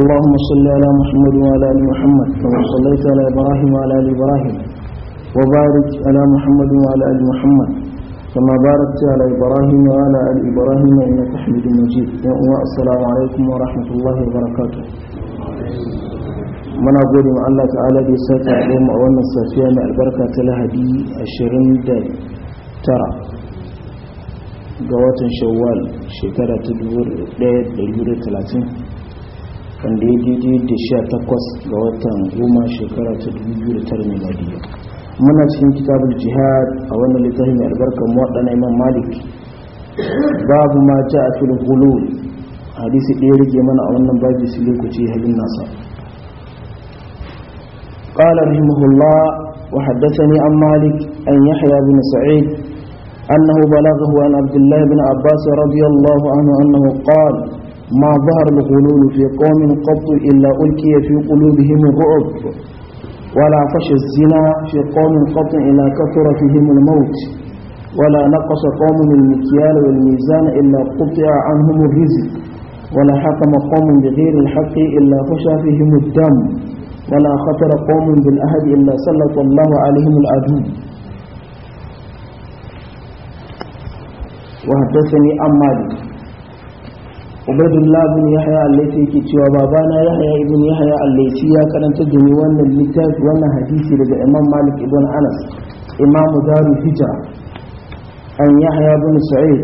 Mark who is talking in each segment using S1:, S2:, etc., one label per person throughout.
S1: اللهم صل على محمد وعلى ال محمد كما صليت على ابراهيم وعلى ال ابراهيم وبارك على محمد وعلى ال محمد كما باركت على ابراهيم وعلى ال ابراهيم انك حميد مجيد والسلام عليكم ورحمه الله وبركاته muna gode ma Allah ta'ala da ya sake haɗe mu a wannan safiya mai albarka ta lahadi 29 ga watan shawwal shekara ta 1430 wanda ya daidai da sha takwas ga watan goma shekara ta dubu biyu da tara miladiya muna cikin kitabul jihad a wannan littafin mai albarkar muwaɗa imam malik babu ma ja a fil hulul hadisi ɗaya rage mana a wannan babu su ne ku ce halin nasa قال رحمه الله an عن an أن يحيى بن سعيد bin بلغه عن عبد الله بن عباس رضي الله عنه أنه قال ما ظهر الغلول في قوم قط إلا ألقي في قلوبهم الرعب ولا فش الزنا في قوم قط إلا كثر فيهم الموت ولا نقص قوم المكيال والميزان إلا قطع عنهم الرزق ولا حكم قوم بغير الحق إلا فشى فيهم الدم ولا خطر قوم بالأهد إلا سلط الله عليهم العدو وحدثني أمالك ubaidullah bin yahya allaisi yake cewa babana yahya ibn yahya allaisi ya karanta da ni wannan littafi wannan hadisi daga imam malik ibn anas imam darul hijra an yahya bin sa'id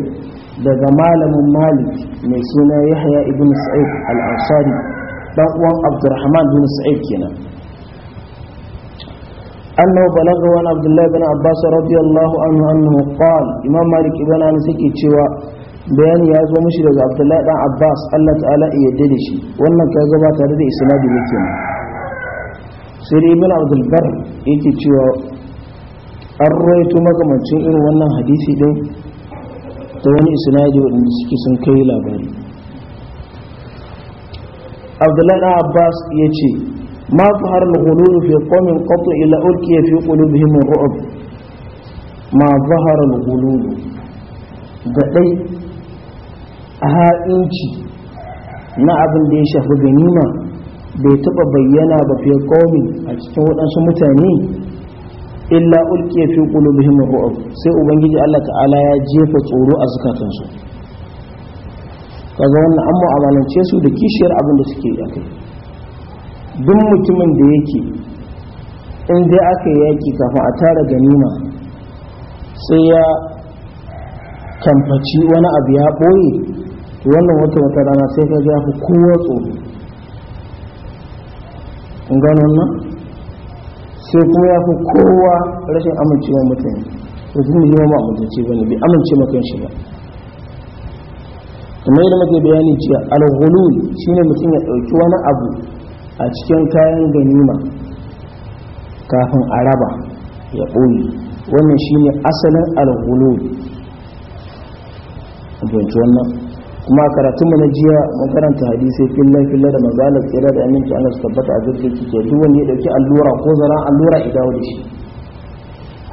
S1: daga malamin malik mai suna yahya ibn sa'id al-ansari dan uwan abdurrahman bin sa'id kenan أنه بلغ عن عبد الله بن عباس رضي الله عنه أنه قال إمام مالك بن أنس يكي bayani ya zo mashi daga abdullahi dan abbas allah ta'ala iya da shi wannan ka gaba tare da isnadi yake ke sai da ibn abdul bar yake cewa an raito makamancin irin wannan hadisi din ta wani isnadi wadanda suke sun kai labari abdullahi dan abbas ya ce ma fahar al-ghulul fi qawmin qatu ila ulqiya fi qulubihim ar ma zahara al da dai ha'inci na abin da ya shafi ganima bai taɓa bayyana ba fiye ƙaumi a cikin waɗansu mutane illa ulke fi qulubihim ru'ub sai ubangiji Allah ta'ala ya jefa tsoro a zukatansu kaga wannan an mu'amalance su da kishiyar abin da suke yi kai. duk mutumin da yake in dai aka yi yaki kafin a tara ganima sai ya kamfaci wani abu ya ɓoye to wannan wata wata rana sai ka ga fi kowa tsoro kun gano na? sai kuma ya fi kowa rashin amincewa mutane mutum ne ma amincewa bane bai amince makan shi ba kuma yadda muke bayani jiya shi ne mutum ya ɗauki wani abu a cikin kayan ganima kafin a raba ya ɓoye wannan shi ne asalin alghulul
S2: a wannan
S1: kuma karatun mu na jiya makaranta hadisi hadisai fillan fillan da manzalar tsira da aminci Allah su tabbata a zurfi kike duk wanda ya dauki allura ko zara allura ya dawo da shi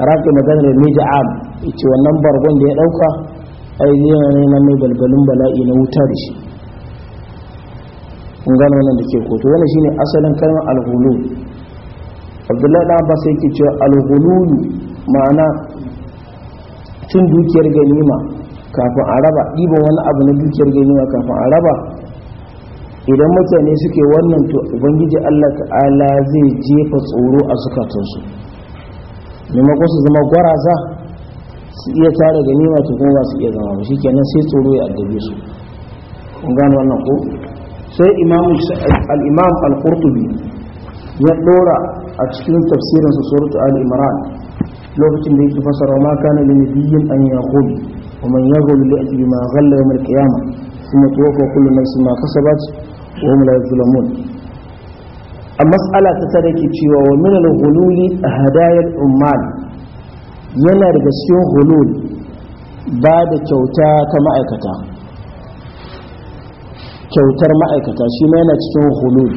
S1: haraka maganar mai ja'am yace wannan bargon da ya dauka ai ne na mai balbalin bala'i na wuta da shi kun gano wannan da ke to wannan shine asalin kalmar alghulu abdullahi da abbas yake cewa alghulu ma'ana cin dukiyar ganima kafin a raba ɗiba wani abu na dukiyar ganima kafin a raba idan mutane suke wannan to ubangiji allah ta'ala zai jefa tsoro a zukatansu nima su zama gwaraza su iya tara ganima to kuma su iya zama ba shikenan sai tsoro ya addabe su kun gano wannan ko sai al-imam al-qurtubi ya dora a cikin tafsirinsa suratul al-imran lokacin da yake fasara ma kana lin nabiyyin an yaqul ومن يغل يأتي بما غل يوم القيامة ثم توفى كل نفس ما كسبت وهم لا يظلمون المسألة تترك تشيوى ومن الغلول هدايا العمال yana daga cikin hulul ba da kyauta ta ma'aikata kyautar ma'aikata shi ma yana cikin hulul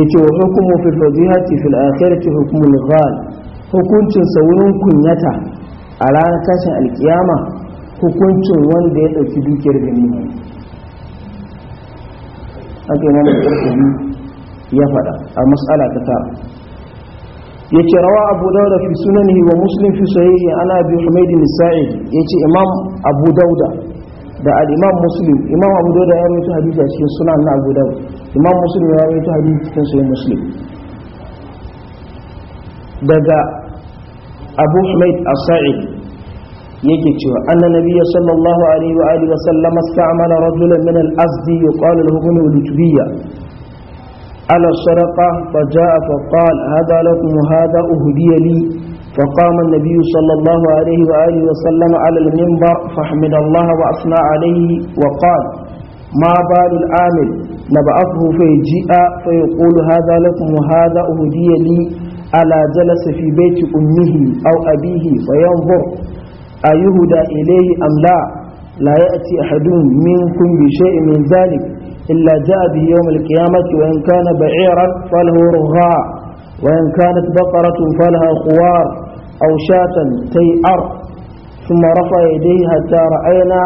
S1: yake wa hukumu fi fadihati fil akhirati hukmul ghal hukuncin sa wurin kunyata a ranar tashin alkiyama hukuncin wanda ya ɗauki dukiyar ganima ake da ƙarfi ya faɗa a matsala ta ta ya ce rawa abu dauda fi sunanihi wa muslim fi sahihi ana bi humaidi nisa'i ya ce imam abu dauda da Al-Imam muslim imam abu dauda ya mutu hadisi a cikin sunan na abu dauda imam muslim ya mutu hadisi cikin sunan muslim daga abu humaid as-sa'id yake cewa anna nabiyya sallallahu alaihi wa alihi wa sallam ista'mala rajulan min al-azdi yuqalu lahu bunu al-tubiyya على السرقة فجاء فقال هذا لكم وهذا أهدي لي فقام النبي صلى الله عليه وآله وسلم على المنبر فحمد الله وأثنى عليه وقال ما بال العامل نبعثه فيجيء فيقول هذا لكم وهذا أهدي لي ألا جلس في بيت أمه أو أبيه فينظر أيهدى إليه أم لا لا يأتي أحد منكم بشيء من ذلك إلا جاء به يوم القيامة وإن كان بعيرا فله رغاء وإن كانت بقرة فلها خوار أو شاة تيأر ثم رفع يديه حتى رأينا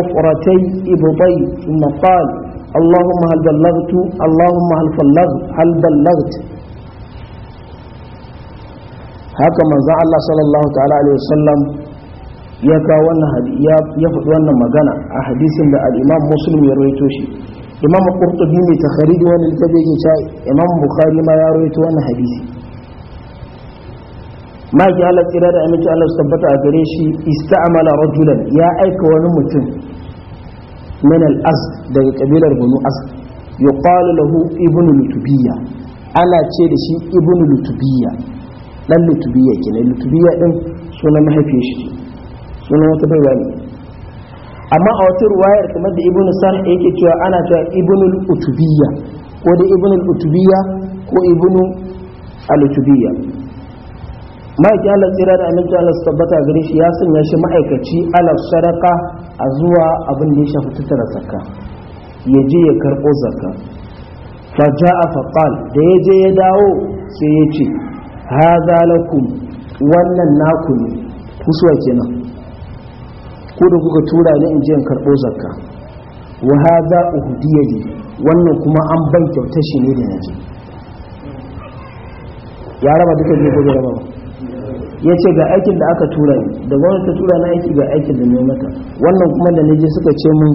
S1: أفرتي إبطي ثم قال اللهم هل بلغت اللهم هل فلغت هل بلغت haka manzon Allah sallallahu ta'ala alaihi wasallam ya kawo wannan ya faɗi wannan magana a hadisin da al-Imam Muslim ya rawaito shi Imam Qurtubi ne ta kharij wani littafi yake Imam Bukhari ma ya rawaito wannan hadisi ma ki Allah tsira da aminci Allah su tabbata a gare shi ista'mala rajulan ya aika wani mutum min al-Azd daga kabilar Banu Azd yuqalu lahu ibnu Lutubiyya ana ce da shi ibnu Lutubiyya dan lutubiya kenan lutubiya din sunan mahaifin shi sunan wata bai wani amma a wata ruwayar kamar da ibnu sarh yake cewa ana cewa ibnu utubiya ko da ibnu utubiya ko ibnu al-utubiya ma'aikin Allah tsira da aminci Allah tabbata gare shi ya sanya shi ma'aikaci alaf sadaka a zuwa abin da ya shafi tattara zakka ya je ya karɓo zakka fa ja'a fa qal da ya je ya dawo sai ya ce haza lakum wannan naku ne kusuwa kenan ko da kuka tura ni in je in karɓo zakka wa haza uhdiyali wannan kuma an ban kyauta shi ne da yanzu ya raba duka biyu ko raba ba ya ce ga aikin da aka tura ni da gwamnati ta tura na aiki ga aikin da ne mata wannan kuma da je suka ce mun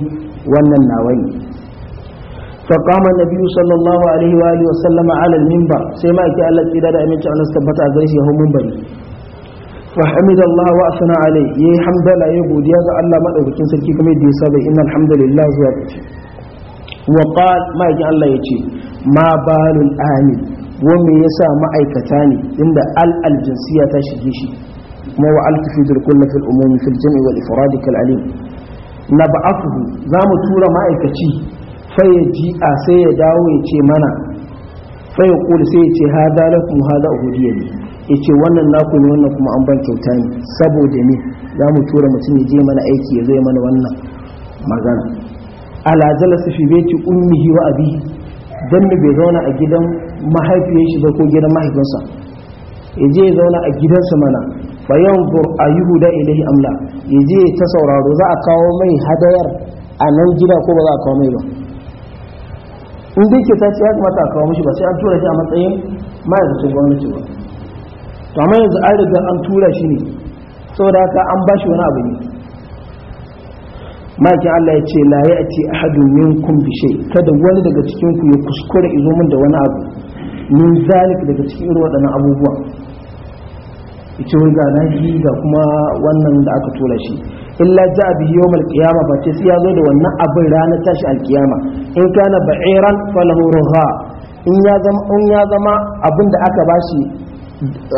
S1: wannan nawa ne فقام النبي صلى الله عليه وآله وسلم على المنبر سيما يكي الله تيدا دا أمين تعالى سبت أغريسي هو منبر وحمد الله وأثنى عليه يي حمد لا يبود يا الله ما لو كان سلكي كما يدي سابي إن الحمد لله زوجتي وقال ما يكي الله يتي ما بال الآمن ومن يسا ما أيكتاني عند ال الجنسية تشجيشي ما وعل تفيد الكل في الأموم في الجمع والإفراد كالعليم نبعثه زام تورا ما أيكتي ya ji a sai ya dawo ya ce mana ya kula sai ya ce ha dalakum ha da ne ya ce wannan naku ne wannan kuma an ban kyauta ne saboda ne za mu tura mutum ya je mana aiki ya zo mana wannan magana ala jalasa fi baiti ummihi wa abi dan ne bai zauna a gidan mahaifiyar shi ba ko gidan mahaifinsa ya je ya zauna a gidansa mana fa yanzur da ilahi amla ya je ta sauraro za a kawo mai hadayar a nan gida ko ba za a kawo mai ba in ke ta ce ya kamata a kawo mashi ba sai an tura shi a matsayin ma'aikacin gwamnati ba to amma yanzu an riga an tura shi ne saboda haka an ba shi wani abu ne Ma'aikin Allah ya ce la ya ce ahadun minkum bi shay kada wani daga cikin ku ya kuskure izo min da wani abu min zalik daga cikin irin waɗannan abubuwa ita wai ga naji ga kuma wannan da aka tura shi illa ja bihi yawm alqiyama fa ce sai ya zo da wannan abin ranar tashi alkiyama, in kana ba'iran falahu ruha in ya zama in ya zama abin da aka bashi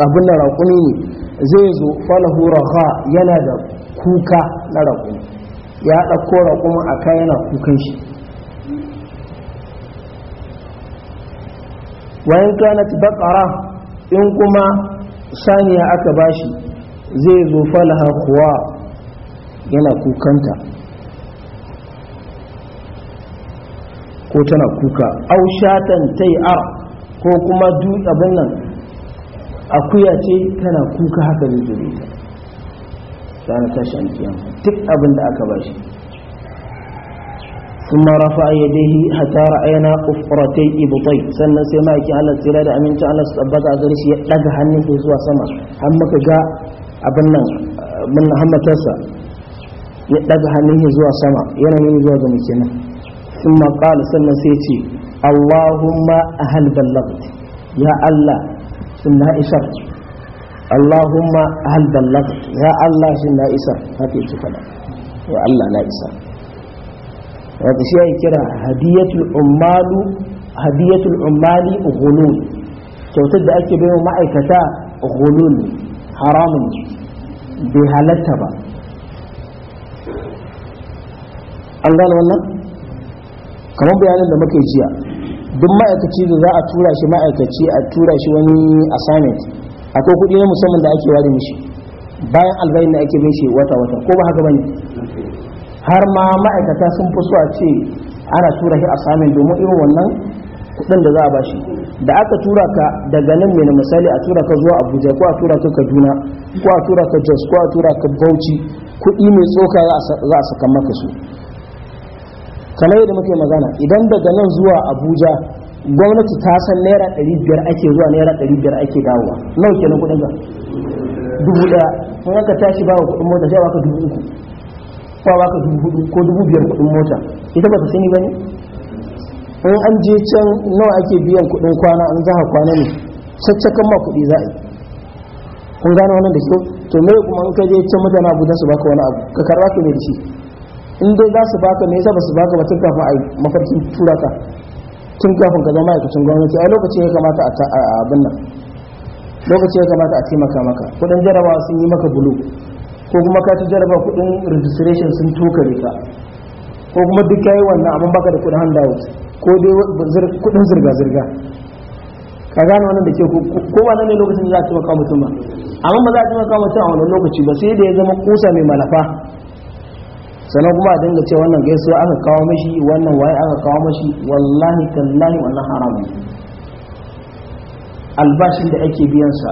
S1: abin da raƙumi ne zai zo falahu ruha yana da kuka na raƙumi ya ɗauko raƙumin a kai yana kukan shi wayan kanat baqara in kuma saniya aka bashi zai zo falaha kuwa yana kukanta ko tana kuka au shatan ta'i tai'ar ko kuma abin nan akuya ce tana kuka haka da zuri ta tana tashi alkiyar duk abin da aka ba shi kuma rafa a yadehi a tara aina kufuratai ibutai sannan sai maki allah tsira da Aminta, allah su tabbata a zarshi ya daga hannun sai zuwa sama hannun muka ga abin nan munna hammatarsa ya daga hannun ya zuwa sama yana nuni zuwa ga kenan sun maƙala sannan sai ce allahumma ahal ballagt ya allah sun na isar allahumma ahal ballagt ya allah sun na isar haka yake faɗa ya allah na isar wata shi ya kira hadiyatul ummalu hadiyatul ummali ghulul kyautar da ake bayo ma'aikata ghulul haramun bai halatta ba an gane wannan kamar bayanin da muka yi jiya duk ma'aikaci da za a tura shi ma'aikaci a tura shi wani assignment akwai kuɗi na musamman da ake ware mishi bayan albayin da ake mishi wata wata ko ba haka bane har ma ma'aikata sun fi so a ce ana tura shi assignment domin irin wannan kuɗin da za a bashi da aka tura ka daga nan mai misali a tura ka zuwa abuja ko a tura ka kaduna ko a tura ka jos ko a tura ka bauchi kuɗi mai tsoka za a saka maka su kamar yadda muke magana idan daga nan zuwa abuja gwamnati ta san naira ɗari biyar ake zuwa naira ɗari biyar ake dawowa nau kenan kuɗin ga? dubu ɗaya kuma ka tashi ba wa kuɗin mota sai baka dubu uku ko baka dubu hudu ko dubu biyar kuɗin mota ita ba ta sani ba ne in an je can nawa ake biyan kuɗin kwana an zaha kwana ne caccakan ma kuɗi za a yi kun gane wannan da kyau to me kuma in ka je can mutane abuja su baka wani abu ka karba ka ne da shi in dai za su baka me yasa ba su baka ba tun kafin a mafarkin tura ka tun kafin ka zama aikacin gwamnati ai lokaci ya kamata a abin nan lokaci ya kamata a taimaka maka kudin jarabawa sun yi maka bulu ko kuma ka ci jaraba kudin registration sun tokare ka ko kuma duk yayi wannan amma baka da kudin handout ko dai kudin zirga-zirga ka gane wannan da ke ko ba ne lokacin da za a taimaka mutum ba amma ba za a taimaka mutum a wannan lokaci ba sai da ya zama kusa mai malafa sannan kuma a dinga ce wannan gaisuwa aka kawo mashi wannan waye aka kawo mashi wallahi tallahi wannan haramu albashin da ake biyansa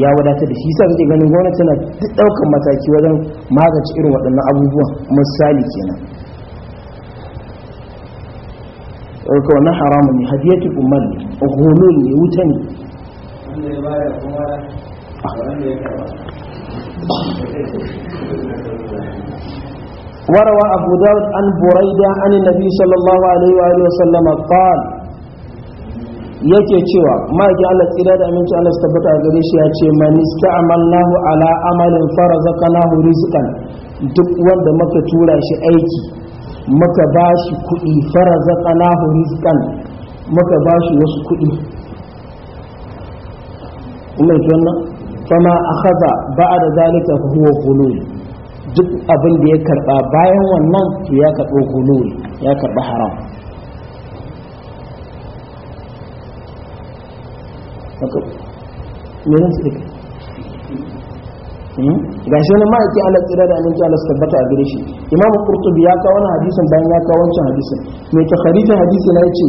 S1: ya wadata da shi sa kake ganin gwamnati tana duk daukan mataki wajen magance irin waɗannan abubuwan misali kenan ɗauka wannan haramun ne hadiyatu umar ne holo ne wuta ne
S3: wanda ya
S1: وروى أبو داود عن بريدة عن النبي صلى الله عليه وآله وسلم قال yake cewa ma'aikin Allah tsira da aminci Allah su tabbata gare shi ya ce man ista'malnahu ala amalin farazaqnahu rizqan duk wanda muka tura shi aiki muka ba shi kuɗi farazaqnahu rizqan muka ba shi wasu kuɗi kuma kenan fama akhadha ba'da zalika fa huwa qulul duk abin da ya karba bayan wannan to ya karɓo hululi ya karba haram hmm? ga shi wani ma'aiki ala tsira da aminci Allah su tabbata a gare shi imamu kurtubi ya kawo wani hadisin bayan ya kawo wancan hadisin mai ta hadisin na yace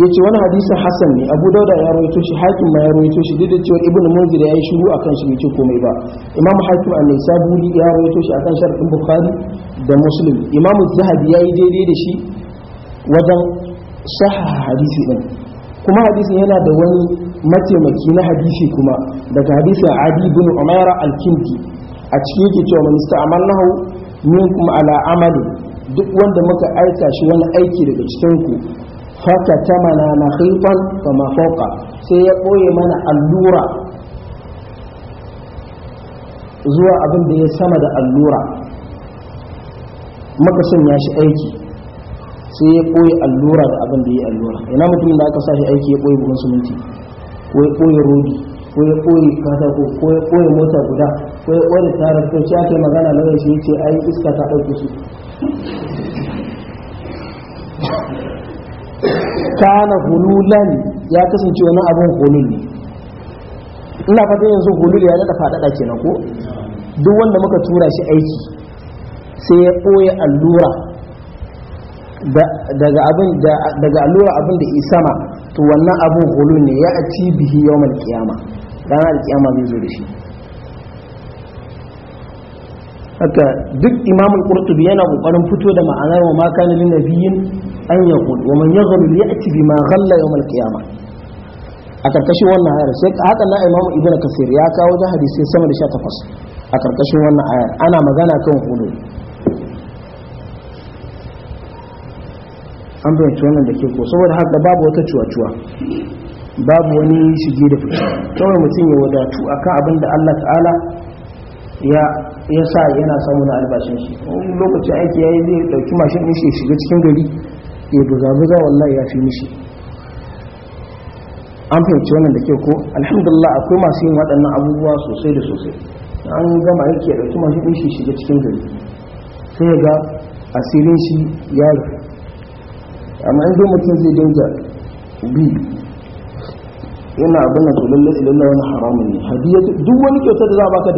S1: ya ce wani hadisin hassan ne abu dauda ya rawaito shi hakim ma ya rawaito shi duk da cewa ibnu munzir ya yi shiru akan shi bai komai ba imam hakim an nisa buri ya rawaito shi akan sharadin bukhari da muslim imam zahabi ya yi daidai da shi wajen sahha hadisi din kuma hadisin yana da wani mataimaki na hadisi kuma daga hadisi abi bin umaira al-kinti a cikin yake cewa man ista'amalnahu minkum ala duk wanda muka aika shi wani aiki daga cikin ku Fata ta mana mahaifan kama mafoka sai ya ɓoye mana allura zuwa abin da ya sama da allura muka sanya shi aiki sai ya ɓoye allura da abin da ya allura ina mutumin da aka sa shi aiki ya ɓoye buhun suminti ko ya ɓoye rodi ko ya ɓoye katako ko ya ɓoye mota guda ko ya ɓoye tarar ko shi ake magana lauya shi ce ai iska ta ɗauke su kana hululan ya kasance wani abin hulul ne ina fata yanzu hulul ya daɗa faɗaɗa kenan ko duk wanda muka tura shi aiki sai ya ɓoye allura daga allura abin da isama to wannan abin hulul ne ya a ci bihi yawon kiyama ranar kiyama zai zo da shi haka duk imamul qurtubi yana kokarin fito da ma'anar wa ma kana lin nabiyyin an yaqul wa man yaghlu ya'ti bima ghalla yawm al qiyama a karkashin wannan ayar sai haka na imamu ibnu kasir ya kawo da hadisi sama da 18 a karkashin wannan ayar ana magana kan hudu an bayyance wannan da ke ko saboda haka babu wata cuwa-cuwa babu wani shige da fice kawai mutum ya wadatu akan abin da Allah ta'ala ya ya sa yana samun albashin shi wani lokacin aiki ya yi zai ɗauki mashin ɗin shiga cikin gari ya buga-buga wallahi ya fi nishi. an fahimci wannan da ke ko alhamdulillah akwai masu yin waɗannan abubuwa sosai da sosai an gama aiki ya ɗauki mashin ɗin shiga cikin gari sai ya ga asirin shi ya yi amma in mutum zai dinga bi yana abin da to lalle ilalla wani haramun ne hadiya duk wani kyauta da za a baka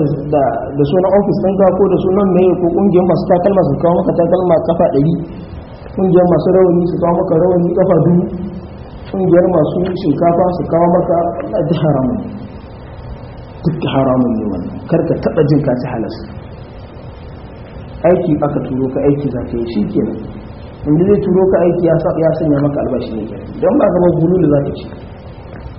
S1: da sunan ofis ka ko da sunan mai ko ƙungiyar masu takalma su kawo maka takalma kafa ɗari ƙungiyar masu rawani su kawo maka rawani kafa dubu ƙungiyar masu shinkafa su kawo maka duk haramun duk haramun ne wannan karka taɓa jin ka ci halas aiki aka turo ka aiki za ka yi shi kenan inda zai turo ka aiki ya sanya maka albashi ne kenan don ba zama gulu da za ka ci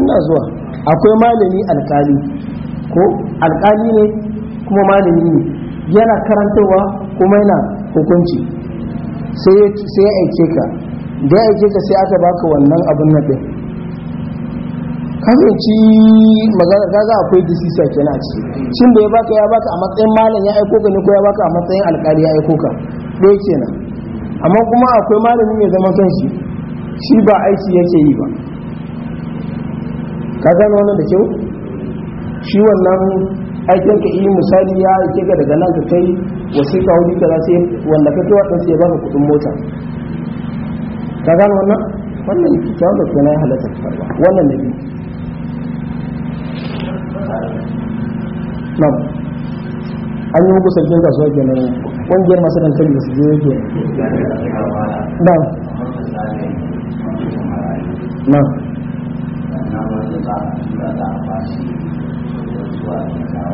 S1: ina zuwa akwai malami alkali ko alkali ne kuma malami ne yana karantarwa kuma yana hukunci sai ya aike ka da ya aike ka sai aka baka wannan abin na ɗin kasance magana gaza akwai disisa ke a ciki shin da ya baka ya baka a matsayin malam ya aiko ka ne ko ya baka a matsayin alkali ya aiko ka ɗaya kenan amma kuma akwai malami mai zaman kanshi shi ba aiki yake yi ba ka gano wannan da kyau shi wannan aikin ka yi misali ya aike ka daga nan ka kai wasiƙa wuri kaza yi wanda ka kewa ɗansu sai ba ka kuɗin mota ka gano wannan wannan kyau da kuma ya halatta karba wannan na biyu nan an yi muku sarkin kasuwa kenan ƙungiyar masu ɗan da su je yake nan
S2: nan nama tetap tidak tak pasti sesuai dengan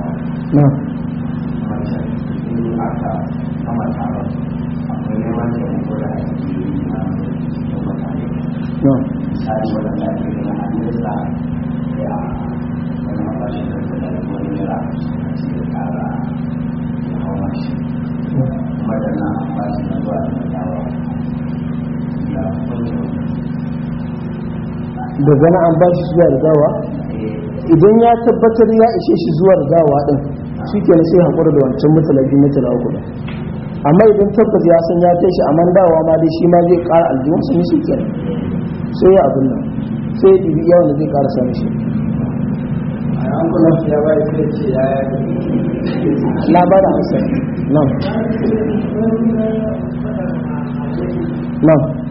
S2: Nah. Macam ini ada sama sama. Apa yang vâng. macam orang di dalam rumah saya. Nah. Saya berada di dalam anda
S1: da gana an ba shi zuwa rigawa idan ya tabbatar ya ishe shi zuwa rigawa din shi ke sai haƙura da wancan mutalabi na mutala uku amma idan tabbas ya san ya shi a mandawa ma dai shi ma zai ƙara aljihun sun shi ke sai ya abin nan sai ya ɗibi yawan da zai ƙara sami
S2: shi labarin hausa nan nan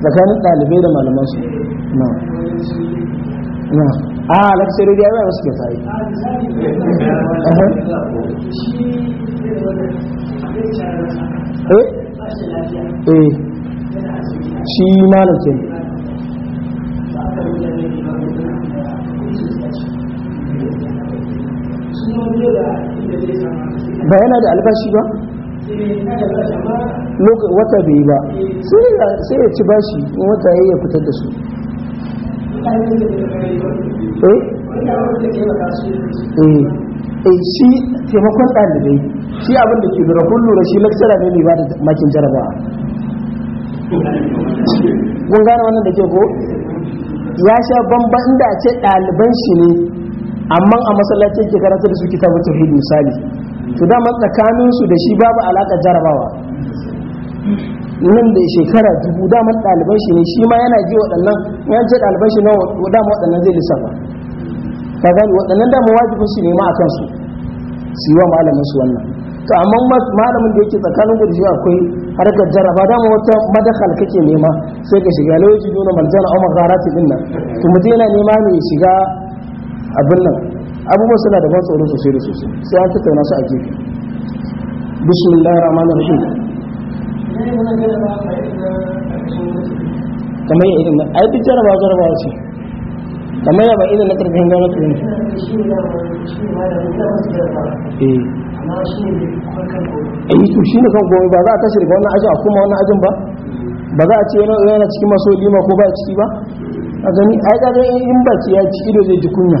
S1: tsakanin ɗalibai da malaman su na na a alaksari da yawa suke tsaye eh
S2: eh shi malakin ba yana da albashi
S1: ba wata bai ba sai ya ci bashi in wata ya fitar da su eh? eh shi taimakon ɗalibai shi abin da ke lura kullum da shi laksara ne ne ba da makin jaraba. kun gane wannan da ke ko ya sha bamban inda ce ɗaliban shi ne amma a masallacin ke karanta da su kitabun tauhid misali to dama tsakaninsu da shi babu alaƙa jarabawa nan da shekara dubu damar ɗaliban shi ne shi ma yana ji waɗannan ya ce ɗaliban shi na dama waɗannan zai lissafa ka gani waɗannan dama wajibin su ne ma a kansu su yi wa malamin su wannan to amma malamin da yake tsakanin gudu shi akwai harkar jaraba dama wata madakal kake nema sai ka shiga lawaji nuna maljana umar garati din nan to mutum yana nema ne shiga abin nan abubuwa suna da ban tsoro sosai da sosai sai an tattauna su a gefe bismillahir rahmanir rahim kamar ya irin ai duk jarabawa jarabawa ce kamar ya ba irin na karfin gama shi
S2: ne yi eh.
S1: to shi ne kan gobe ba za a tashi daga wannan ajin a kuma wannan ajin ba ba za a ce yana cikin maso lima ko ba ciki ba a gani ai kaga in baki ya ci ido zai ji kunya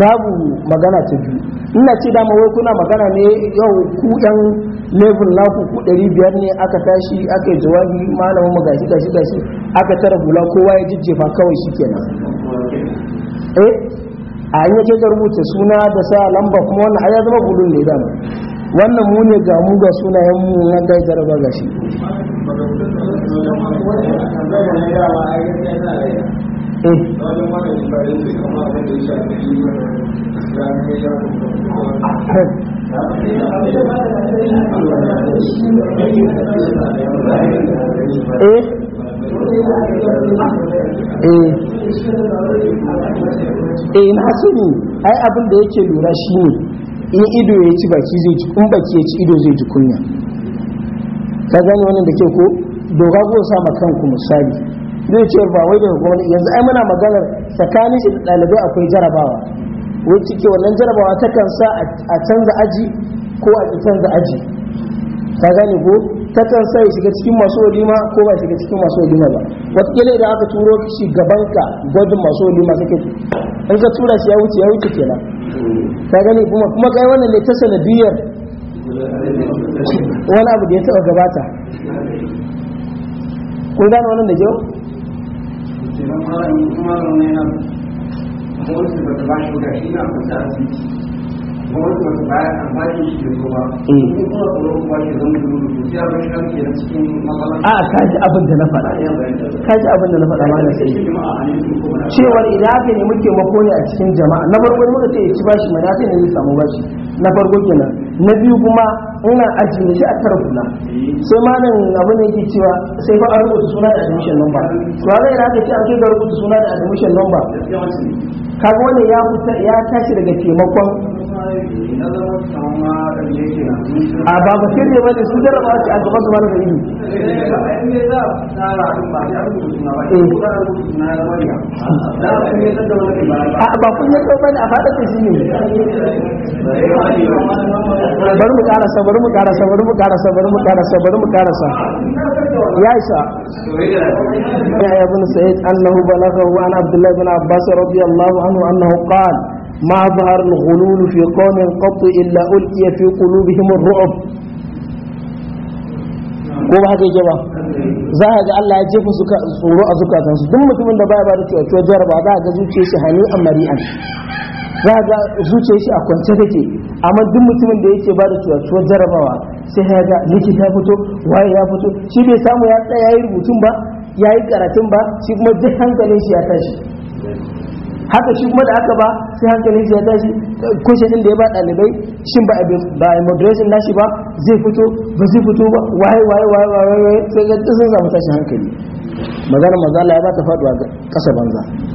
S1: babu magana ta biyu ina ce dama wai kuna magana ne yau ku yan level naku ku ɗari biyar ne aka tashi aka yi jawabi malamin mu gashi gashi gashi aka tara hula kowa ya jijjefa kawai shikenan eh a yi yake ka rubuta suna da sa lamba kuma wannan ai ya zama gudun ne dama wannan mu ne ga mu ga sunayen mu na da jaraba gashi e na sani ai abin da yake lura shi ne in ido ya ci baki zai ji kun baki ya ci ido zai ji kunya ka gani wannan da ke ko dogago sama kanku misali zai ce ba wai da gwamnati yanzu ai muna maganar tsakanin shi da ɗalibai akwai jarabawa wai cike wannan jarabawa ta kan sa a canza aji ko a canza aji ka gane ko ta kan sa ya shiga cikin masu walima ko ba shiga cikin masu walima ba wataƙila idan aka turo shi gaban ka gwajin masu walima suke in ka tura shi ya wuce ya wuce kenan ka gane kuma kuma kai wannan ne ta sanadiyar wani abu da ya taɓa gabata kun gane wannan da kyau
S2: kenan malam kuma malam ba ta ba shi na kusa asibiti gwamnati ba ta ba mm. ba shi shi da ba shi shi cikin a ka na faɗa ka ji abin da na faɗa malam sai
S1: cewar idan aka nemi taimako ne a cikin jama'a na farko muka ce ya ci bashi mai sai ne zai samu bashi na farko kenan na biyu kuma ina ajiye shi a tarhula sai nan abu ne yake cewa sai ba a rubuta suna da admission number to zai da aka ce an kai ga rubuta suna da admission number kaga wanda ya fita ya tashi daga taimakon
S2: a ba ba sai ne bane su jarraba su a gaba su malam da ilimi eh. a ba kun yi
S1: ba ne a fadar da shi ne bari mu karasa bari mu karasa bari mu karasa bari mu karasa bari mu karasa ya isa ya ibn sa'id annahu balaghahu an abdullah ibn abbas radiyallahu anhu annahu qala ما ظهر الغلول في قوم قط إلا ألقي في قلوبهم الرعب ko ba haka yake ba za a ga Allah ya jefa su tsoro a zukatansu duk mutumin da baya ba da cewa jaraba za a ga zuciyarsa hani a mari'an za ga zuciyar shi a kwance take amma duk mutumin da yake ba da cuwatuwar jarabawa sai ya ga likita ya fito waye ya fito shi bai samu ya tsaya yi rubutun ba ya yi karatun ba shi kuma duk hankalin shi ya tashi haka shi kuma da aka ba sai hankalin shi ya tashi kushe din da ya ba dalibai shin ba ba moderation nashi ba zai fito ba zai fito ba waye waye waye waye sai ga sun samu tashin hankali magana mazala ya ba ta faduwa kasa banza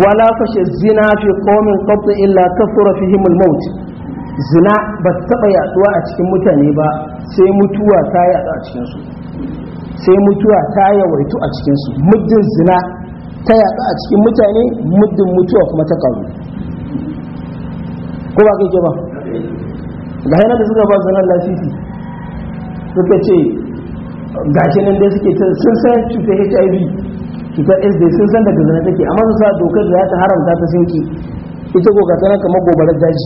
S1: wala fashe zina fi komin kwabta illa kafura fi himul maut zina ba taɓa yaduwa a cikin mutane ba sai mutuwa ta yaɗu a su. sai mutuwa ta yawaitu a cikin su muddin zina ta yaɗu a cikin mutane muddin mutuwa kuma ta ƙaru ko ba kake ba ga hanyar da suka ba zanen lafifi suka ce gashi nan dai suke sun san cutar hiv cutar sd sun san daga zina take amma su sa dokar da za ta haramta ta sinki ita ko ga tsanan kamar gobarar daji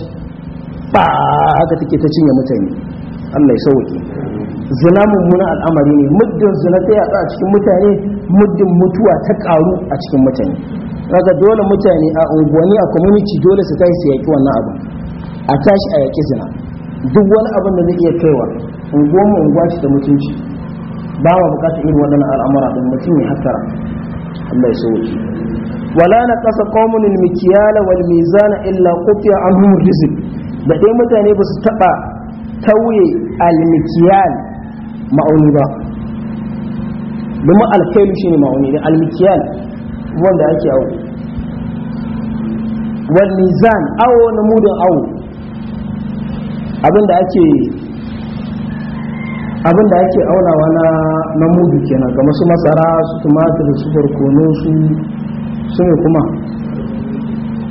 S1: ba haka take ta cinye mutane allah ya sauke zina mummunan al'amari ne muddin zina ta yatsa a cikin mutane muddin mutuwa ta karu a cikin mutane kaga dole mutane a unguwanni a community dole su tashi su yaki wannan abu a tashi a yaki zina duk wani abin da zai iya kaiwa unguwan unguwa ce da mutunci ba ma bukatar irin wannan al'amura da mutum ya hattara Allah ya sauke wala na kasa qaumun al-mikyala wal mizana illa qutiya anhum rizq da dai mutane ba su taba tauye al-mikyal ma'auni ba al-kayl shine ma'auni ne al-mikyal wanda ake awo wal mizan awo na mudun awo abinda ake abin da ake aunawa na na mudu kenan ga masu masara su tumatir su barkono su su ne kuma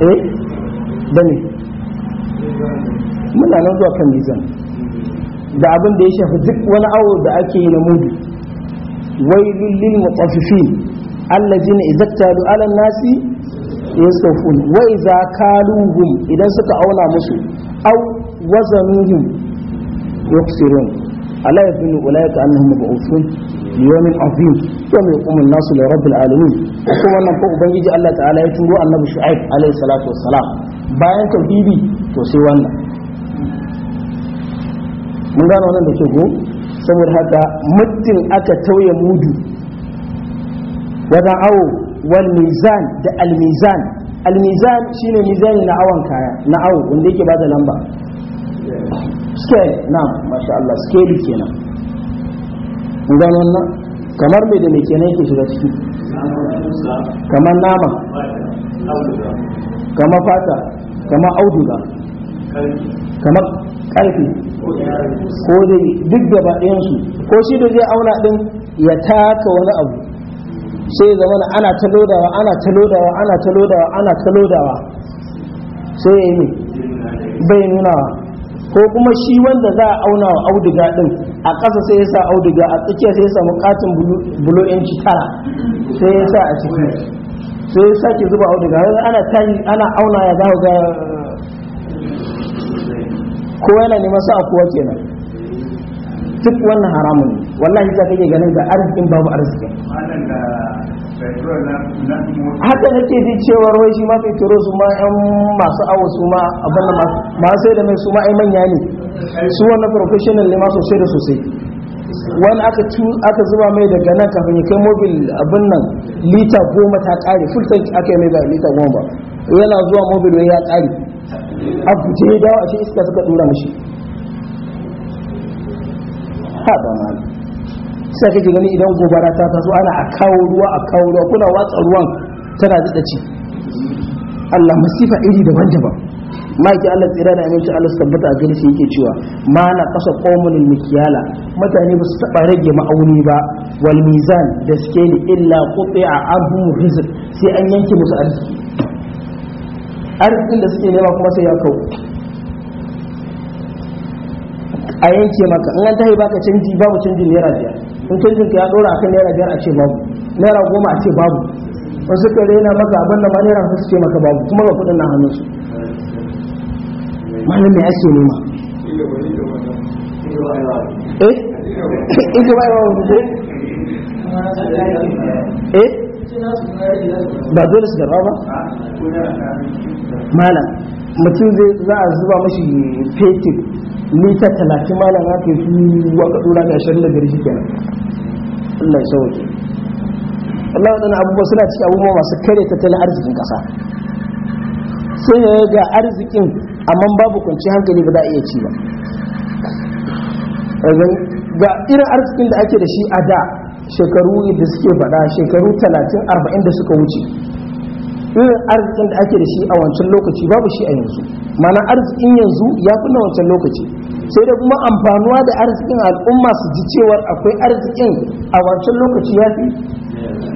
S1: eh da ne muna nan zuwa kan nizan da abin da ya shafi duk wani awo da ake yi na mudu wailul lil mutaffifin allazina idza talu ala nasi yastawfun wa idza kaluhum idan suka auna musu au wazanuhum yuksirun ألا يظن أولئك أنهم مبعوثون ليوم عظيم يوم يقوم الناس لرب العالمين وكما نقول بنجي الله تعالى يتنبو النبي شعيب عليه الصلاة والسلام bayan tauhidi to sai wannan mun gano wannan da ke saboda haka muddin aka tauye mudu wajen awo walmizan da almizan. Almizan shine mizani na awon kaya na awo wanda yake bada lamba scale na masha Allah scale kenan ga wannan kamar mai da mai kenan yake shiga ciki kamar nama kamar fata kamar auduga kamar karfe ko dai duk gaba ɗayansu ko shi da zai auna ɗin ya taka wani abu sai zama ana ta lodawa ana ta lodawa ana ta lodawa ana ta lodawa sai ya yi bai nunawa ko kuma shi wanda za a auna wa auduga din a ƙasa sai ya sa auduga a tsakiya sai ya samu katin bulo inci tara sai ya sa a ciki sai ya sake zuba auduga yanzu ana tayi ana auna ya za ga ko yana neman sa kowa kenan duk wannan haramun ne wallahi za ka iya ganin da arzikin babu arzikin haka nake ji cewa wai shi ma fetro su ma yan masu awo su ma abin da masu sai da mai su ma ai manya ne su wannan professional ne ma sosai da sosai wani aka zuba mai daga nan kafin ya kai mobil abin nan lita goma ta kare full tank aka yi mai ba lita goma ba yana zuwa mobil wai ya kare a guje dawo a shi iska suka dura mashi ha sai kake gani idan gobara ta taso ana a kawo ruwa a kawo ruwa kuna watsa ruwan tana da ci Allah masifa iri daban-daban maki Allah tsira da aminci Allah su tabbata a gari yake cewa ma na kasa qawmun mikyala mutane ba su taba rage ma'auni ba wal mizan da suke ni illa quti'a abu rizq sai an yanke musu arziki arzikin da suke nema kuma sai ya kawo a yanke maka in an tahi baka canji babu canjin naira biyar in canjin ka ya dora akan naira biyar a ce babu naira goma a ce babu wasu ka rena maka abin da ma naira su ce maka babu kuma ga kudin na hannunsu malam me ake nema
S2: eh in ji bai
S1: wawo ko eh ba dole su gaba ba malam mutum zai za a zuba mashi fetur mita talatin malam haka yi su waka dora da ashirin da gari kenan Allah ya sauke Allah waɗannan abubuwa suna cikin abubuwa masu kare tattalin arzikin ƙasa sai ya ga arzikin amma babu kwanci hankali ba za a iya ci ba ga irin arzikin da ake da shi a da shekaru da suke faɗa shekaru talatin arba'in da suka wuce irin arzikin da ake da shi a wancan lokaci babu shi a yanzu mana arzikin yanzu ya fi na wancan lokaci sai da kuma amfanuwa da arzikin al'umma su ji cewar akwai arzikin a wancan lokaci ya fi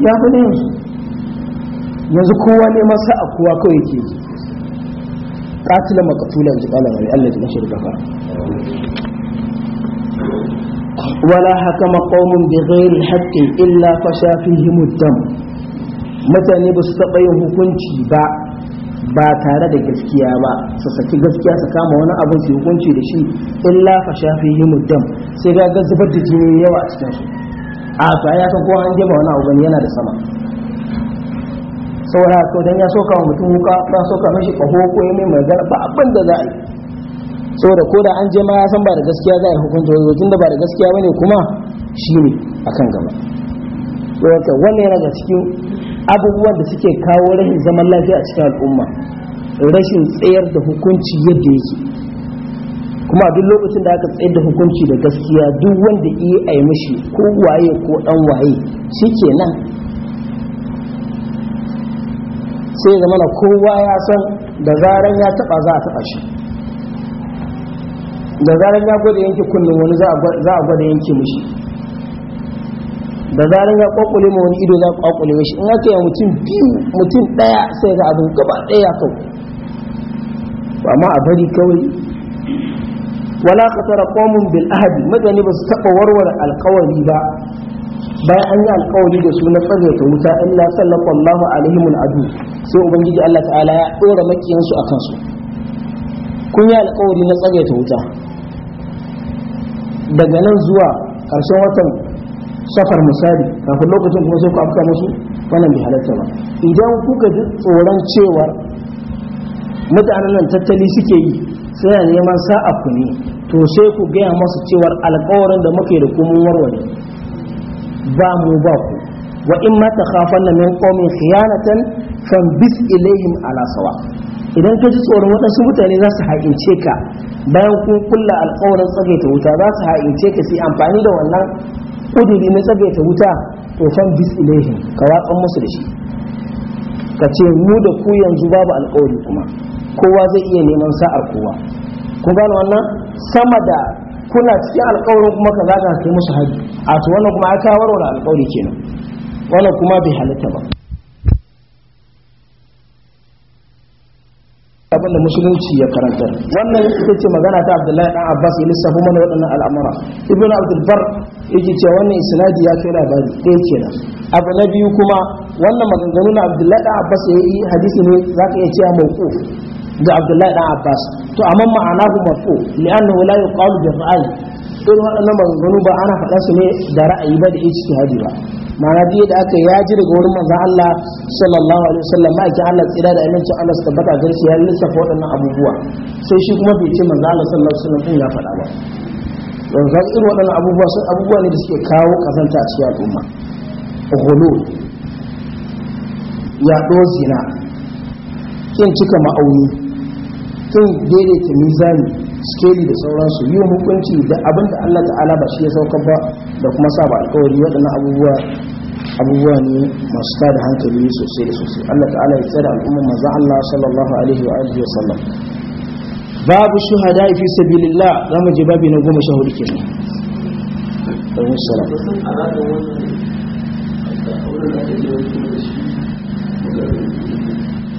S1: ya fi ne yanzu kowa ne masa a kowa kawai yake yi katilan makatulan ji kala mai Allah ji mashi gaba wala haka qaumun bi ghairi haqqin illa fasha fihim ad mutane ba su taɓa yin hukunci ba ba tare da gaskiya ba su saki gaskiya su kama wani abin su hukunci da shi illa fa shafi yi muddam sai ga ga zubar da jini yawa a cikin su a to ya san ko an jeba wani abu yana da sama saboda to dan ya soka wa mutum wuka ba soka mishi kaho ko yi mai magana ba abin da za a yi saboda ko da an je ma ya san ba da gaskiya za a yi hukunci wajen tunda ba da gaskiya bane kuma shine akan gaba saboda wannan yana da cikin abubuwan da suke kawo rashin zaman lafiya a cikin al'umma rashin tsayar da hukunci yadda yake kuma duk lokacin da aka tsayar da hukunci da gaskiya duk wanda iya a yi mishi ko waye ko dan waye shi kenan sai zama na kowa ya san da zaran ya taba za a taba shi da zaran ya gwada yanke kunnen wani za a gwada yanke mishi da zarar ya kwakwale ma wani ido za kwakwale shi in aka yi mutum biyu mutum daya sai ga abin gaba daya kau ma a bari kawai wala tara komun bil ahadi magani ba su taba warware alkawari ba bayan an yi alkawari da su na ta wuta illa sallafa Allahu alaihim adu sai ubangiji Allah ta'ala ya dora makiyansu a kansu kun yi alkawari na ta wuta daga nan zuwa ƙarshen watan safar misali kafin lokacin kuma sai ku afka musu wannan bai halatta ba idan kuka ji tsoron cewa mutanen nan tattali suke yi suna neman sa'a ku ne to sai ku gaya masu cewar alkawarin da muke da kuma warware ba mu ba ku wa in ma na min qawmi khiyanatan bis ilaihim ala sawa idan ka ji tsoron waɗansu mutane za su haƙince ka bayan kun kulla alƙawarin tsagaita wuta za su haƙince ka sai amfani da wannan kududi na tsagaita wuta to fan bis ilaihim ka watsan musu da shi ka ce mu da ku yanzu babu alƙawari kuma kowa zai iya neman sa'ar kowa kun gano wannan sama da kuna cikin alƙawarin kuma ka zaka kai musu haji a to wannan kuma aka da alƙawari kenan wannan kuma bai halatta ba abin da musulunci ya karantar wannan ita ce magana ta abdullahi dan abbas ya lissafa mana waɗannan al'amura ibnu abdul bar yake cewa wannan isnadi ya kai labari ɗaya kenan abu na biyu kuma wannan maganganu na abdullahi dan abbas ya yi hadisi ne za ka iya cewa mawquf ga abdullahi dan abbas to amma ma'anahu marfu li'annahu la yuqalu bi ra'ayi irin waɗannan maganganu ba ana faɗa su ne da ra'ayi ba da ijtihadi ba ma'ana biyu da aka ya ji daga wurin manzon Allah sallallahu alaihi wasallam ma ake Allah tsira da aminci Allah su tabbata gare shi ya lissafa waɗannan abubuwa sai shi kuma bai ce manzon Allah sallallahu alaihi wasallam ya faɗa ba don ka irin waɗannan abubuwa sun abubuwa ne da suke kawo kazanta a cikin al'umma hulu yaɗo zina kin cika ma'auni kin daidaita mizani skeli da sauransu yi hukunci da abin da allah ta'ala ba shi ya sauka ba da kuma saba alkawari waɗannan abubuwa abubuwa ne masu tada hankali sosai da sosai allah ta'ala ya tsara al'umma maza allah sallallahu alaihi wa alihi wa sallam babu shuhada fi sabilillah zamu je babi na goma sha hudu kenan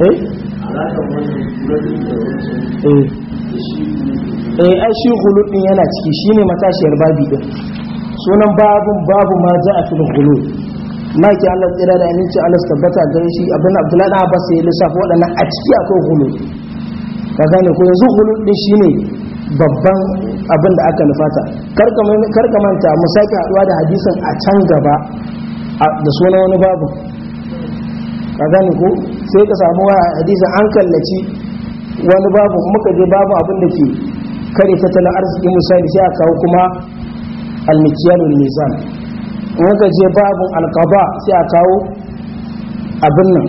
S1: eh? Eh. eh ai shi yana ciki shine matashiyar babi din sunan babun babu ma za a filin hulud maki Allah tsira da aminci Allah tabbata gare shi abin Abdullahi Abbas ya lissafa waɗannan a ciki akwai hulu ka gane ko yanzu hulul din shine babban abin da aka nufata karka manta mu sake haɗuwa da hadisin a can gaba da suna wani babu ka gane ko sai ka samu wa hadisin an kallaci wani babu muka je babu abin da ke kare tattalin arziki misali sai a kawo kuma almikiyanul nisan muka je babu alkaba sai a kawo abin nan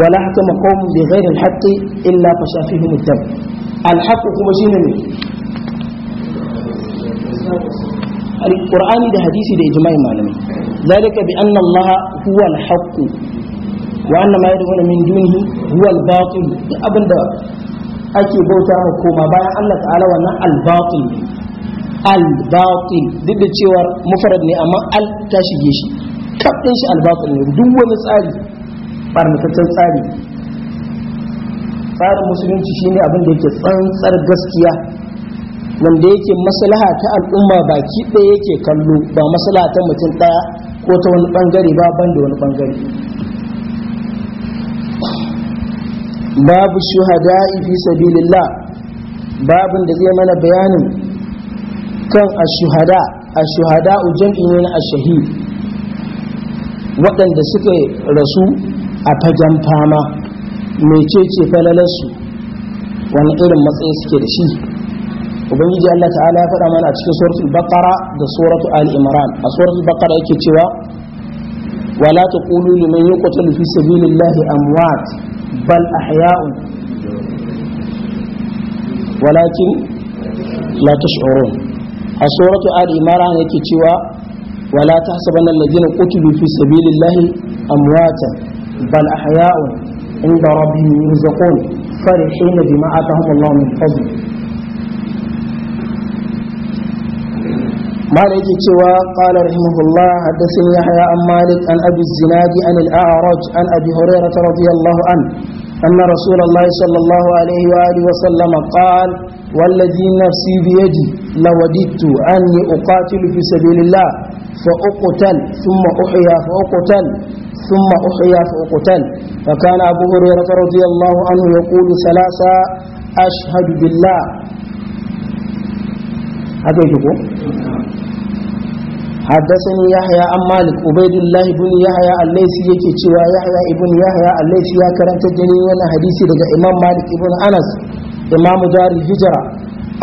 S1: ولا حكم قوم بغير الحق إلا فشا فيهم الدم الحق كما شنو القرآن ده حديث ده إجماع معلمين ذلك بأن الله هو الحق وأن ما يدعون من دونه هو الباطل أبن ake bauta ma koma bayan Allah ta'ala wannan al-batil al-batil duk da cewa mufarad ne amma al ta shige shi kafin shi al-batil ne duk wani tsari barnataccen tsari tsarin musulunci shine abin da yake tsantsar gaskiya wanda yake maslaha ta al'umma baki ɗaya yake kallo ba maslaha ta mutum ɗaya ko ta wani ɓangare ba ban da wani ɓangare babu shuhada fi sabilillah babin da zai mana bayanin kan ashuhada ashuhada ujam'i ne na ashahid waɗanda suka rasu a fagen fama mecece falalarsu wani irin matsayi suke da shi ubangiji Allah ta'ala ya faɗa mana a cikin suratul baqara da suratul ali imran a suratul baqara yake cewa wala taqulu liman yuqtalu fi sabilillahi amwat bal ahya'un walakin la tash'urun a suratul ali imran yake cewa wala tahsabanna alladhina qutilu fi sabilillahi amwatan بل أحياء عند ربهم يرزقون فرحين بما آتاهم الله من فضل مالك سوى قال رحمه الله حدثني يحيى عن مالك عن أبي الزناد عن الأعرج عن أبي هريرة رضي الله عنه أن رسول الله صلى الله عليه وآله وسلم قال والذي نفسي بيدي لوددت أني أقاتل في سبيل الله فأقتل ثم أحيا فأقتل ثم أحيا فأقتل فكان أبو هريرة رضي الله عنه يقول ثلاثة أشهد بالله هذا يقول حدثني يحيى عن مالك عبيد الله بن يحيى الليثي yake cewa yahya ibn yahya allaisi ya karanta jini wannan hadisi daga imam malik ibn anas imam dar hijra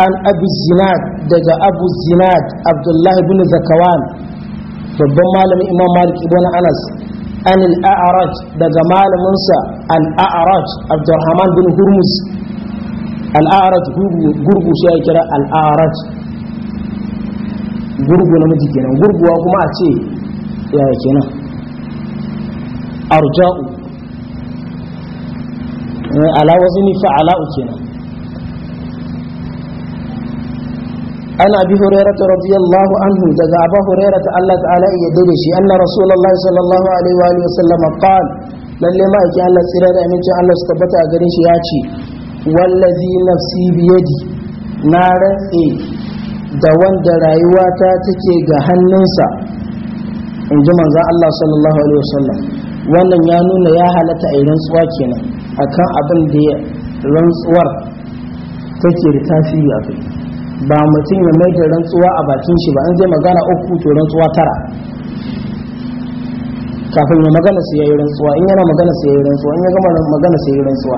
S1: an abu zinad daga abu zinad abdullah ibn zakawan babban malamin imam malik ibn anas an al-a'raj daga malamin sa al Abdurrahman bin Hurmuz al-a'raj gurgu shi ya kira al gurgu na miji kenan gurguwa kuma a ce eh, fa'ala'u kenan أنا أبي هريرة رضي الله عنه دقى أبا هريرة الله تعالى يدرشي أن رسول الله صلى الله عليه وآله وسلم قال lalle ma'aikin Allah tsira da amincin Allah su tabbata a gare shi ya ce wallazi nafsi biyadi na rantse da wanda rayuwata take ga hannunsa in ji Allah sallallahu alaihi wasallam wannan ya nuna ya halatta a rantsuwa kenan akan abin da rantsuwar take da tasiri a kai ba mutum ya mai da rantsuwa a bakin shi ba an zai magana uku to rantsuwa tara kafin ya magana su yayi rantsuwa in yana magana su yayi rantsuwa in ya gama magana su yayi rantsuwa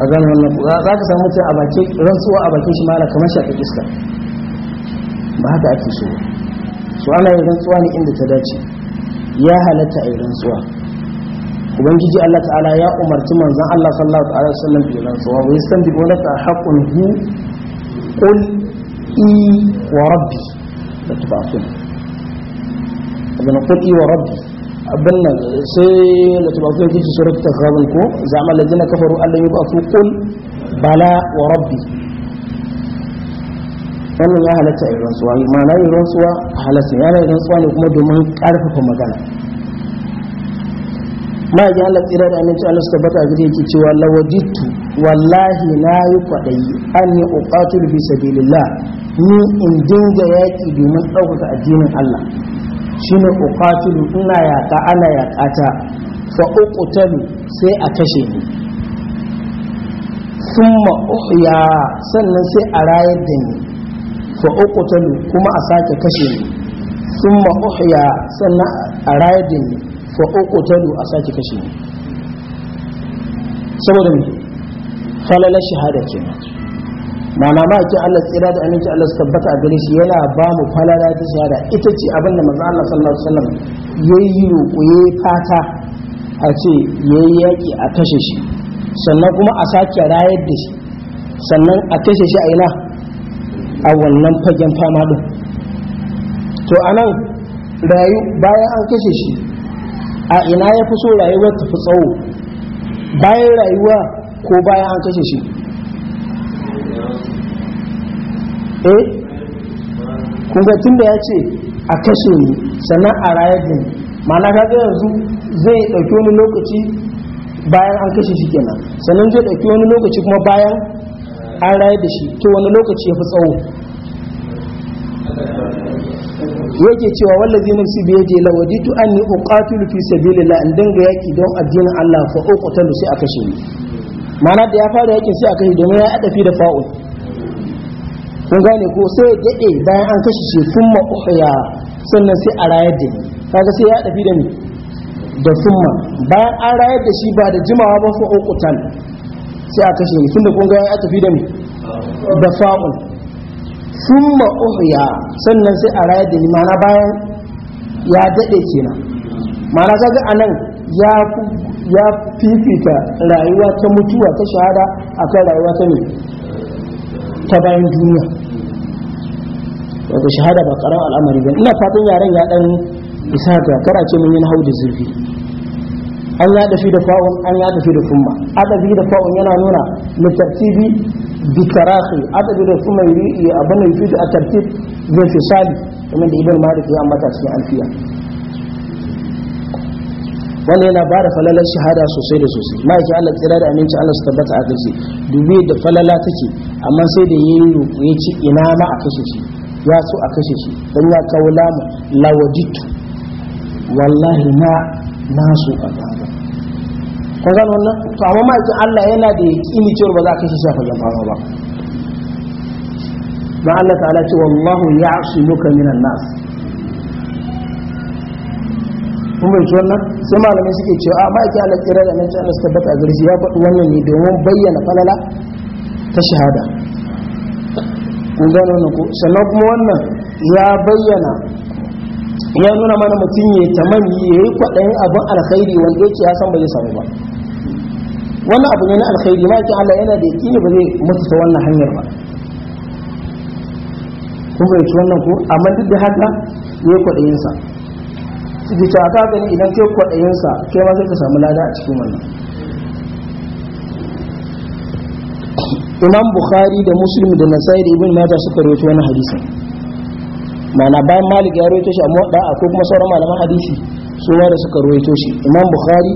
S1: a gane wannan za ka samu mutum a bakin rantsuwa a bakin shi mala kamar shaƙi iska ba haka ake so so ana yin rantsuwa ne inda ta dace ya halatta a yi rantsuwa ubangiji Allah ta'ala ya umarci manzon Allah sallallahu alaihi wasallam bi rantsuwa wa yastanbi wa haqqun hu قل إي وربي da ta ba su abin qul i wa rabbi abin nan sai la ta ba su yake surat taghabun ko zama ladina kafaru allan yub'athu qul bala wa rabbi wannan ya halatta a rantsuwa ma'ana yin rantsuwa a halatta ya na rantsuwa ne kuma domin karfafa magana ma ya Allah tsira da aminci Allah su tabbata gare yake cewa lawajitu wallahi na yi kwaɗayi an yi uqatul fi sabilillah ni in dinga yaƙi domin ɗaukaka addinin Allah shine uqatul ina yaƙa ana yaƙa ta, fa uqtalu sai a kashe ni thumma uhya sannan sai a rayar da ni fa uqtalu kuma a sake kashe ni thumma uhya sannan a rayar da ni fa uqtalu a sake kashe ni saboda me falalar shahada ke mana ma ake Allah tsira da aminci Allah su tabbata a gare shi yana ba mu falala ta shahada ita ce abin da manzo Allah sallallahu alaihi wasallam yayi yuƙuye fata a ce yayi yaki a kashe shi sannan kuma a sake rayar da shi sannan a kashe shi a ina a wannan fagen fama din to anan rayu bayan an kashe shi a ina ya fi so rayuwar ta fi tsawo bayan rayuwa ko bayan an kashe shi eh kunga ga tunda ya ce a kashe ni sannan a rayar da ni ka kaga yanzu zai ɗauki wani lokaci bayan an kashe shi kenan sannan zai ɗauki wani lokaci kuma bayan an rayar da shi to wani lokaci ya fi tsawo yake cewa wanda wallazi nafsi bi yadi la waditu anni uqatilu fi sabilillah in danga yaki don addinin Allah fa uqtalu sai a kashe ni mana da ya fara yakin sai a kashe domin ya adafi da fa'ul kun gane ko sai daɗe bayan an kashe shi summa uhya sannan sai a rayar da ni kaga sai ya adafi da ni da summa bayan an rayar da shi ba da jimawa ba su uqtal sai a kashe ni tunda kun ga ya tafi da ni da fa'ul summa uhya sannan sai a rayar da ni mana bayan ya daɗe kenan mana kaga anan ya ya fifita rayuwa ta mutuwa ta shahada akan rayuwa ta ne ta bayan duniya wata shahada ba karar al'amari ba ina fatan yaren ya dan isa ga kara ce mun yi hau da zurfi an ya dafi da fa'un an ya dafi da kuma adabi da fa'un yana nuna na tartibi bi tarahi adabi da kuma abin da a tartib zai fi sali kamar da ibn malik ya ambata cikin alfiya wani yana ba da falalar shahada sosai da sosai ma'aikin Allah tsira da aminci Allah su tabbata a kashe dubi da falala take amma sai da yi roƙo ya ce ina ma a kashe shi ya so a kashe shi dan ya kawo lamu lawajitu wallahi na na so a kaza kun gano wannan to amma ma'aikin Allah yana da yaƙini cewa ba za a kashe shi a fagen fama ba ma Allah ta'ala ce wallahu ya'simuka minan nas kun bai wannan sai malamai suke cewa a ba Allah alaƙi da nan cewa su tabbata gare ya faɗi wannan ne domin bayyana falala ta shahada kun gano wannan ko sannan kuma wannan ya bayyana ya nuna mana mutum ya tamanni ya yi kwaɗayin abin alkhairi wanda yake ya san ba zai samu ba wannan abu ne na alkhairi ma'aikin Allah yana da yaƙini ba zai mutu ta wannan hanyar ba kun bai wannan ko amma duk da haka ya yi kwaɗayinsa suke ta aka gani idan kai kwaɗayinsa kai ma sai ka samu lada a cikin wannan imam bukhari da muslim da nasai da ibn mata suka rawaito wani hadisi, mana bayan malik ya rawaito shi amma da akwai kuma sauran malaman hadisi su ma da suka rawaito shi imam bukhari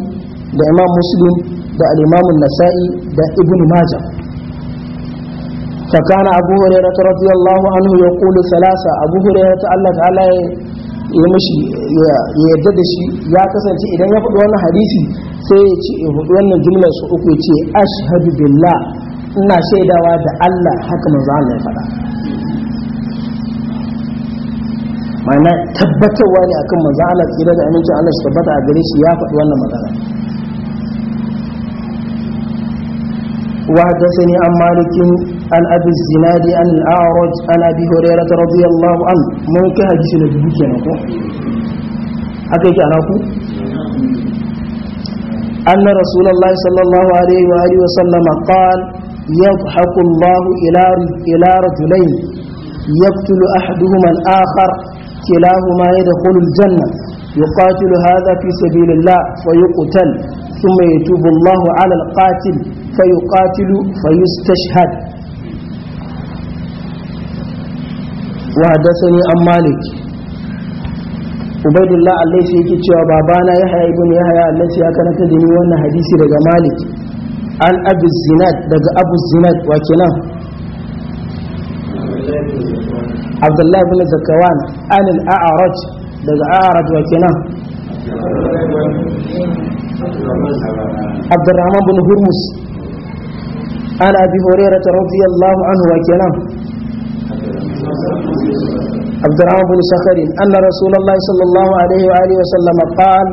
S1: da imam muslim da al-imam nasai da ibn mata فكان أبو هريرة رضي الله عنه يقول ثلاثة أبو هريرة الله تعالى ya mashi yarda da shi ya kasance idan ya faɗi wannan hadisi sai ya ce eh, wannan jumlar su uku ya ce ashhadu billah ina shaidawa da Allah haka manzo Allah ya faɗa ma'ana tabbatarwa ne akan manzo Allah tsira da amincin Allah su tabbata a gare shi ya faɗi wannan magana wa sani an malikin عن أبي الزناد عن الأعرج عن أبي هريرة رضي الله عنه من كهدي سنجبو كنكو أكيك أناكو أن رسول الله صلى الله عليه وآله وسلم قال يضحك الله إلى إلى رجلين يقتل أحدهما الآخر كلاهما يدخل الجنة يقاتل هذا في سبيل الله فيقتل ثم يتوب الله على القاتل فيقاتل فيستشهد وحدثني عن مالك عبيد الله الليثي yake cewa babana Yahya ibn Yahya allazi ya karanta da ni wannan hadisi daga Malik an Abu Zinad daga Abu Zinad wa Abdullahi ibn Zakawan an al-A'raj daga A'raj wa kenan Abdurrahman ibn Hurmus an Abi Hurairah radiyallahu anhu wa عبد الرحمن بن سخر أن رسول الله صلى الله عليه وآله وسلم قال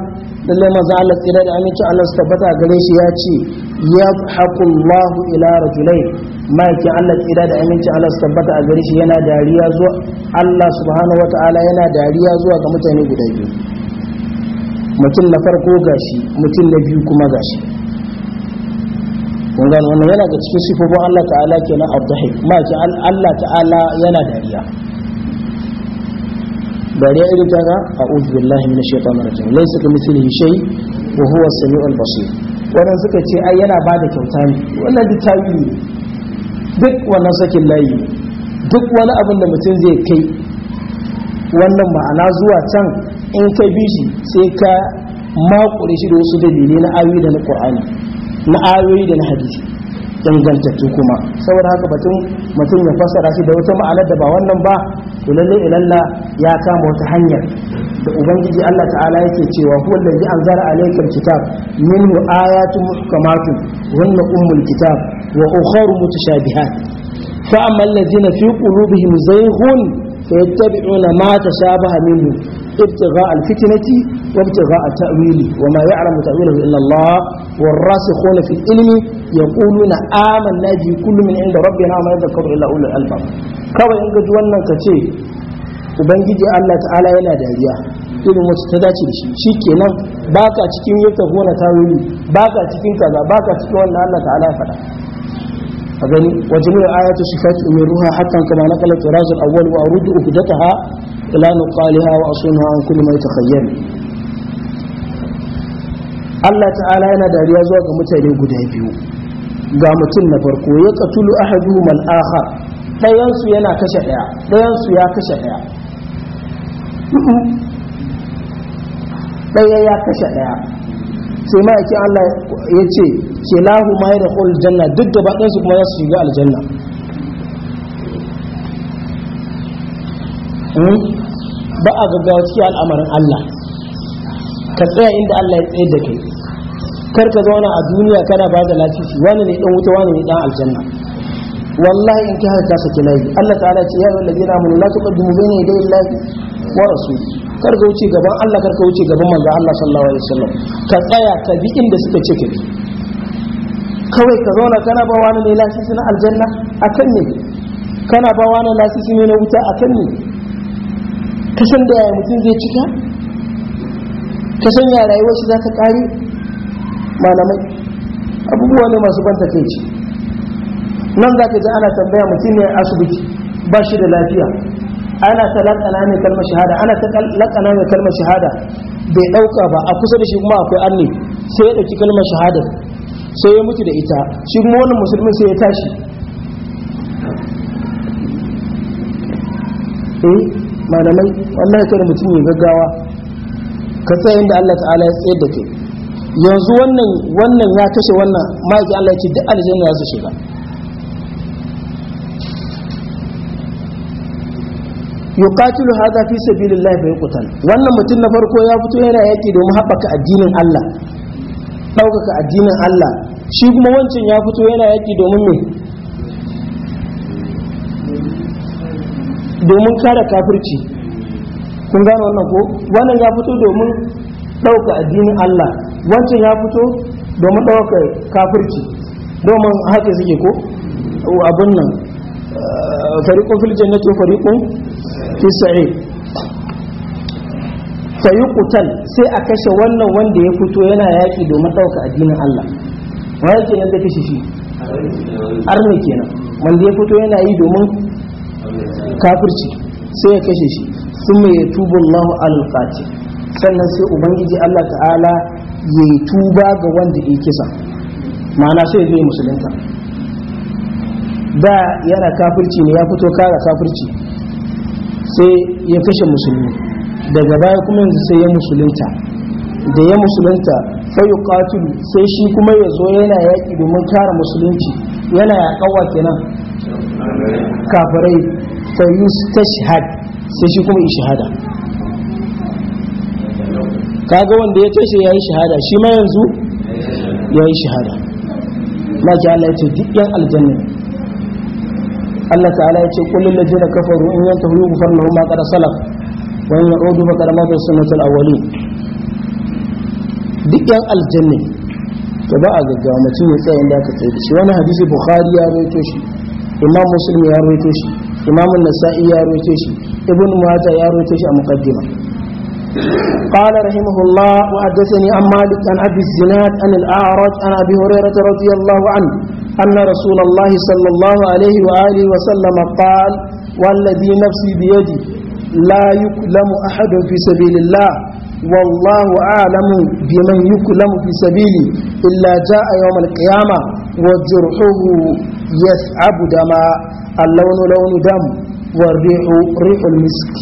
S1: لله ما زال تلال أمين الله استبتع قليش ياتي يضحك الله إلى رجلين ما يكي الله تلال أمين الله استبتع قليش ينا داريا زوى الله سبحانه وتعالى ينا داريا زوى كمتاني قدائي mutum na farko gashi mutum na biyu kuma gashi kun gano wannan yana da cikin sifofin Allah ta'ala kenan ma ki Allah ta'ala yana dariya dariya irin ta ga a'udhu billahi minash shaitanir rajim laysa kamithlihi shay wa huwa as-sami'ul basir wannan suka ce ai yana bada kyauta ne wannan duk tawili duk wannan sakin layi duk wani abin da mutum zai kai wannan ma'ana zuwa can in ka bishi sai ka makure shi da wasu dalilai na ayoyi da na Qur'ani na ayoyi da na hadisi dangantattu kuma saboda haka batun mutum ya fassara shi da wata ma'anar da ba wannan ba to lalle ilalla ya kama wata hanyar da ubangiji Allah ta'ala yake cewa huwa allazi anzala alaykal kitab minhu ayatun muhkamatun hunna ummul kitab wa ukharu mutashabihat fa amma allazina fi qulubihim zayghun fayattabi'una ma tashabaha minhu ابتغاء الفتنة وابتغاء تأويله وما يعلم تأويله إلا الله والراسخون في العلم يقولون آمنا به كل من عند ربنا وما يذكر إلا أولو الألباب كما ينقد وانا كتير ubangiji Allah ta'ala yana dariya irin wacce ta dace da shi shi kenan ba ka cikin yadda gona ta wuri ba ka cikin kaza ba ka cikin wannan Allah ta'ala ya faɗa a gani wajen yin ayatu sifati umiruha hakan kama na kalar tirazul awwal wa rudu ukdataha لا نقالها وأصونها عن كل ما يتخيل Allah ta'ala yana dariya zuwa ga mutane guda biyu ga mutum na farko ya ينا ahaduhum فينسو akhar ɗayansu yana kashe ɗaya ɗayansu ya kashe ɗaya Allah ya ce ke lahu ma da kul janna duk da baɗinsu kuma ya su shiga aljanna ba a gaggawa cikin al'amarin Allah ka tsaya inda Allah ya tsaye da kai kar ka zauna a duniya kana ba da lafifi wani ne dan wuta wani ne dan aljanna wallahi in kai ka saki layi Allah ta'ala ce ya wallahi ladina amanu la tuqaddimu bayna yaday Allah wa rasul kar ka wuce gaban Allah kar ka wuce gaban manzo Allah sallallahu alaihi wasallam ka tsaya ka bi inda suka ce kawai ka zauna kana ba wani ne lasisi na aljanna akan ne kana ba wani lasisi ne na wuta akan ne kasan da yaya mutum zai cika kasan ya rayuwar shi za ta kare malamai abubuwa ne masu ban ce, nan za ka ji ana tambaya mutum ne asibiti ba shi da lafiya ana ta lakana ne kalmar shahada ana ta lakana ne kalmar shahada bai dauka ba a kusa da shi kuma akwai anni sai ya dauki kalmar shahada sai ya mutu da ita shi kuma wani musulmi sai ya tashi eh? malamai wallahi kada mutum ya gaggawa ka tsaya inda Allah ta'ala ya tsayar da ke, yanzu wannan wannan ya kashe wannan ma'aikin Allah ya ce da aljanna ya su shiga yuqatilu hadha fi sabilillah fa yuqtal wannan mutum na farko ya fito yana yaki domin haɓaka addinin Allah ɗaukaka addinin Allah shi kuma wancan ya fito yana yaki domin me domin kare kafirci kun gane wannan ko wannan ya fito domin ɗauka addinin Allah wancan ya fito domin ɗauka kafirci domin haka suke ko abin nan eh, filjan fil jannati fariƙun fi sa'id fayuqtal sai a kashe wannan wanda ya fito yana yaki domin ɗauka addinin Allah wa ke yadda da kashe shi arne kenan wanda ya fito yana yi domin kafirci sai ya kashe shi sun mai ya tuba Allahu qati sannan sai ubangiji Allah ta'ala ya yi tuba ga wanda ya kisa ma'ana sai zai musulunta da yana kafirci ne ya fito kara kafirci sai ya kashe musulmi daga baya kuma yanzu sai ya musulunta da ya musulunta sai qatil sai shi kuma ya zo yana yaƙi domin kare musulunci yana ya ƙawa kenan kafirai fa yustashhad sai shi kuma shahada kaga wanda ya tashi yayi shahada shi ma yanzu yayi shahada ma ji Allah yace duk yan aljanna Allah ta'ala ya ce qul lil ladina kafaru in yantahu yughfar lahum ma qad salaf wa in ya'udu fa qad madu sunnatul awwalin duk yan aljanna to ba a gaggawa mutum ya tsaya inda aka tsaye shi wani hadisi bukhari ya rawaito shi imam muslim ya rawaito shi imam an-nasa'i ya rawaito shi ibn majah ya rawaito shi a muqaddima قال رحمه الله وحدثني عن مالك عن ابي الزناد عن الاعرج عن ابي هريره رضي الله عنه ان رسول الله صلى الله عليه واله وسلم قال والذي نفسي بيدي لا يكلم احد في سبيل الله والله أعلم بمن يكلم في سبيلي إلا جاء يوم القيامة وجرحه يثعب دماء اللون لون دم والريح ريح المسك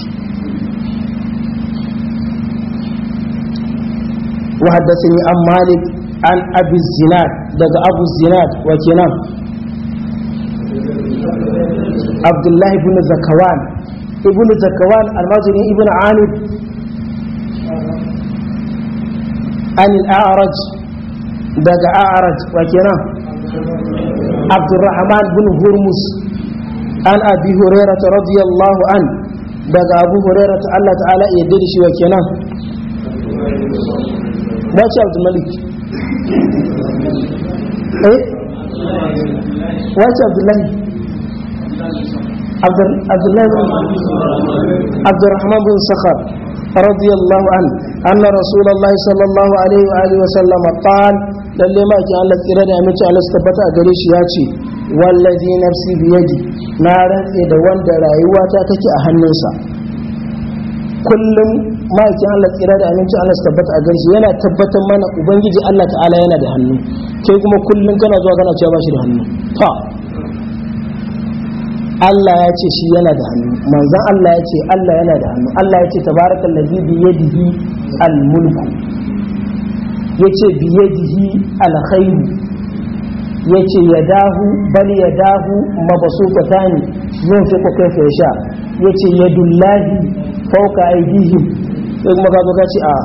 S1: وحدثني عن مالك عن أبي الزناد دق أبو الزناد وكنا عبد الله بن زكوان ابن زكوان المازني ابن عامر عن الأعرج دق أعرج وكنا عبد الرحمن بن هرمز an abi ta radiyallahu an daga abu ta Allah ta'ala ya yarda shi wa kenan abdul malik eh wace bin sakhar رضي الله عنه أن رسول الله صلى الله عليه وآله وسلم قال للي ما كان na rantse da wanda rayuwata take a hannunsa kullum ma'aikin Allah tsira da aminci Allah su tabbata a gari yana tabbatar mana ubangiji Allah ta'ala yana da hannu kai kuma kullum kana zuwa kana cewa ba shi da hannu fa Allah ya ce shi yana da hannu manzon Allah ya ce Allah yana da hannu Allah ya ce tabarakal ladhi bi yadihi al mulku yace bi yadihi al khayr ya ce ya dahu bal ya dahu mabasu kwatani fi kuka ya sha ya ce ya dullahi fauka aidihim sai kuma ka ka ce a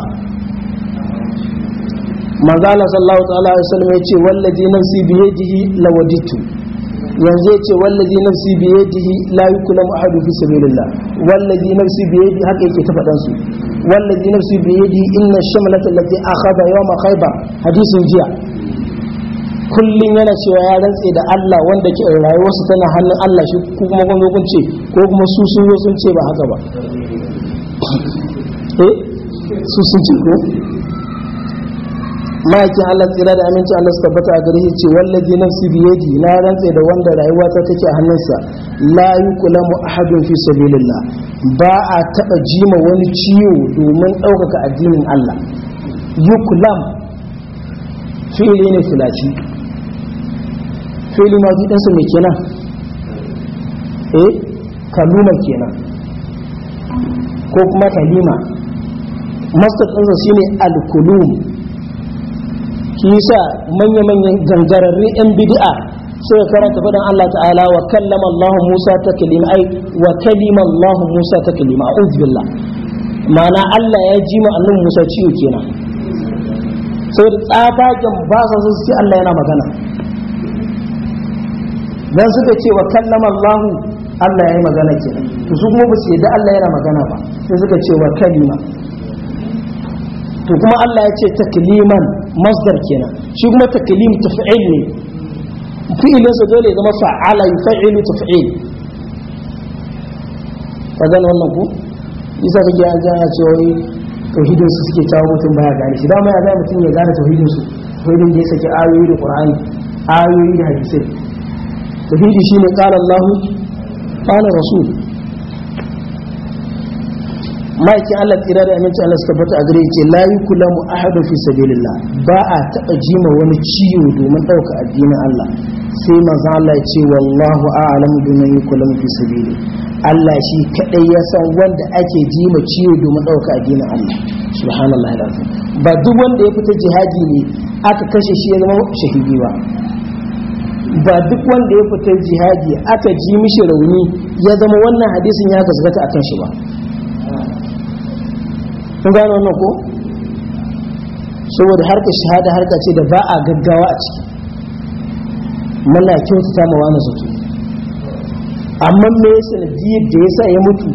S1: manzala sallallahu ta'ala alaihi wasallam ya ce wallazi nafsi biyadihi lawajitu yanzu ya ce wallazi nafsi biyadihi la yukulam ahadu fi sabilillah wallazi nafsi biyadihi haka yake ta faɗan su wallazi nafsi biyadihi inna shamlata allati akhadha yawma khaybar hadisin jiya kullum yana cewa ya rantse da Allah wanda ke rayuwarsa tana hannun Allah shi ko kuma wani kun ce ko kuma su sun zo sun ce ba haka ba eh su sun ce ko ma'aikin Allah tsira da aminci Allah su tabbata a gare shi ce wallazi nafsi biyadi na rantse da wanda rayuwa ta take a hannunsa la yuqlamu ahadun fi sabilillah ba a taba jima wani ciwo domin ɗaukaka addinin Allah yuqlam fi'li ne filaci fi'il madi ɗansa mai kenan eh kaluma kenan ko kuma kalima mastar ɗansa shine alkulum yi sa manya-manyan gangararri 'yan bid'a ya karanta faɗin Allah ta'ala wa kallama Allah Musa ta kalima ai wa kalima Allah Musa ta kalima a'udhu billah ma'ana Allah ya ji ma'anin Musa ciwo kenan sai da tsabagen ba sa su Allah yana magana dan suka ce wa kallama Allahu Allah yayi magana kenan to su kuma ba su yadda Allah yana magana ba sai suka ce wa kalima to kuma Allah ya ce takliman masdar kenan shi kuma taklim taf'il ne fi'ilin sa dole ya zama fa'ala yufa'ilu taf'il ka wannan ku isa kake an gana ce wai tauhidin su suke tawo mutum baya gane shi dama ya ga mutum ya gane tauhidin su tauhidin da ya saki ayoyi da qur'ani ayoyi da hadisi tauhidi shine qala Allah qala rasul ma'aikin Allah tsira da aminci Allah su bata a gare ce la a ahadun fi sabilillah ba a taɓa jima wani ciwo domin dauka addinin Allah sai maza Allah ce wallahu a'lamu bima yukulamu fi sabili Allah shi kadai ya san wanda ake jima ciwo domin dauka addinin Allah subhanallahi alazim ba duk wanda ya fita jihadi ne aka kashe shi ya zama shahidi ba ba duk wanda ya fitar jihadi aka ji mishi rauni ya zama wannan hadisin ya gasgata a kan shi ba kun gano wannan ko saboda harkar shahada harka ce da ba a gaggawa a ciki muna ta mawa na zato amma me ya sanadiyar da ya sa ya mutu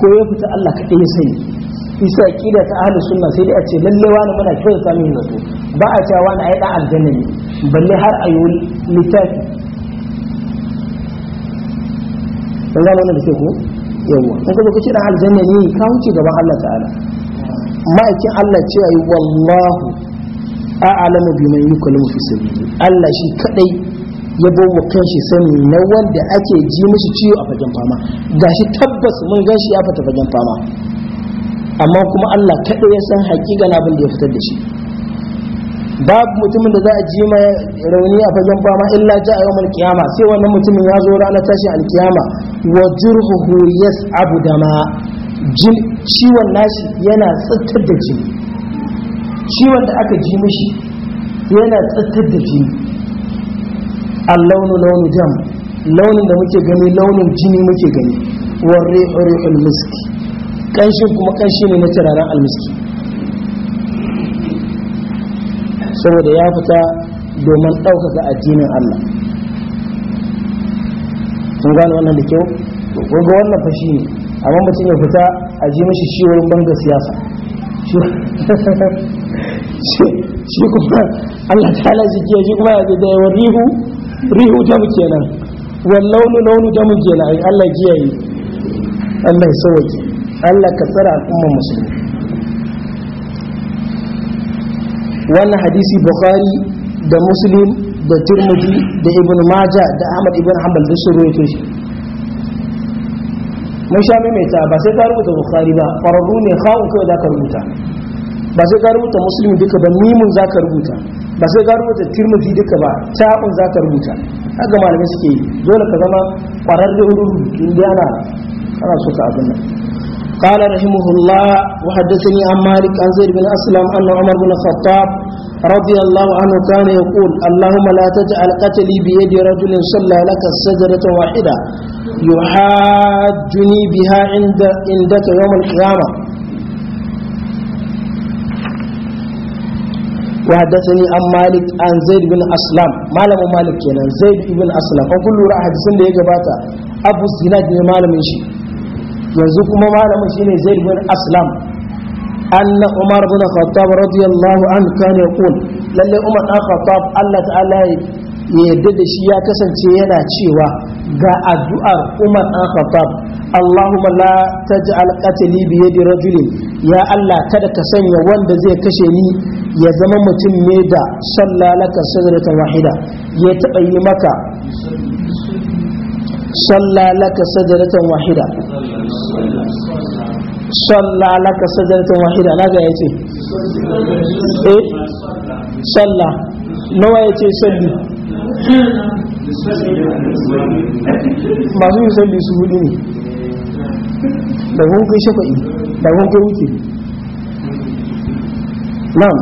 S1: ko ya fita Allah kaɗai ya sani isa ƙida ta ahalus sunna sai dai a ce lallewa na muna kyautata na zato ba a cewa na ayi dan aljanna ne balle har a yi lissafi kun gano wannan da ke ko yawwa kun kaje kace dan aljanna ne ka huce gaba Allah ta'ala ma'aikin Allah ce ayi wallahu a'lamu biman yukallimu fi sabili Allah shi kadai ya wa kanshi sani na wanda ake ji mishi ciwo a fagen fama gashi tabbas mun gan shi ya fata fagen fama amma kuma Allah kadai ya san haƙiƙa na abin da ya fitar da shi babu mutumin da za a ji mai rauni a fagen fama illa ja a yau alkiyama sai wannan mutumin ya zo ranar tashin alkiyama wa yas abu dama jin ciwon nashi yana tsattar da jini ciwon da aka ji mishi yana tsattar da jini allaunu launu jam launin da muke gani launin jini muke gani warre rihul miski kanshin kuma kanshi ne na turaren almiski saboda ya fita domin ɗaukaka addinin Allah sun gane wannan da kyau to ga wannan fa ne amma mutum ya fita a ji mashi shi wurin banga siyasa
S3: shi kuma
S1: Allah ta ala shi ke shi kuma ya ce da yawan rihu rihu damu kenan wal launu launu damu kenan Allah kiyaye Allah ya sauke Allah ka tsara al'ummar musulmi wannan hadisi bukhari da muslim da turmudi da ibn maja da ahmad ibn hanbal da sun rawaito shi mun sha maimaita ba sai ka rubuta bukhari ba ƙwararru ne kawun kawai za ka rubuta ba sai ka rubuta muslim duka ba mimun za ka rubuta ba sai ka rubuta turmudi duka ba ta'un za ka rubuta haka malamai suke yi dole ka zama ƙwararren rubutu inda ana so ka abin nan قال رحمه الله وحدثني عن مالك عن زيد بن أسلم أن عمر بن الخطاب رضي الله عنه كان يقول اللهم لا تجعل قتلي بيد رجل صلى لك سجدة واحدة يحاجني بها عند عندك يوم القيامة وحدثني عن مالك عن زيد بن أسلم مالك مالك كان زيد بن أسلم وكل رأى حدثني يجباتا أبو الزناد من مالك من شيء yanzu kuma malamin shine zaid bin aslam anna umar bin khattab radiyallahu anhu kana yaqul lalle umar dan khattab Allah ta'ala ya yadda da shi ya kasance yana cewa ga addu'ar umar dan khattab Allahumma la taj'al qatli bi yadi rajulin ya Allah kada ka sanya wanda zai kashe ni ya zama mutum ne da sallalaka sadratan wahida ya taɓa yi maka sallalaka sadratan wahida salla laka sajdatun wahida naga yace eh salla nawa yace salli masu yi salli su hudu ne da kun kai shafa'i da kun kai wuce nan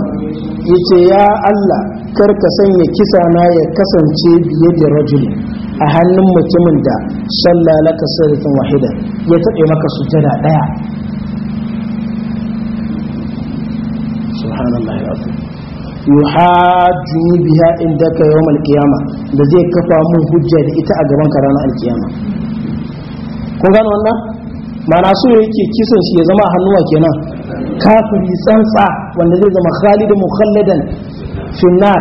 S1: yace ya Allah kar ka sanya kisa na ya kasance biye da rajul a hannun mutumin da sallah laka sirrin wahida ya taɓe maka sujada ɗaya yuhajjuni biha indaka yawmal qiyama da zai kafa mun hujja da ita a gaban karana alkiyama kun gano wannan ma'ana so yake kisan shi ya zama a hannuwa kenan kafiri tsantsa wanda zai zama khalidu mukhalladan finnar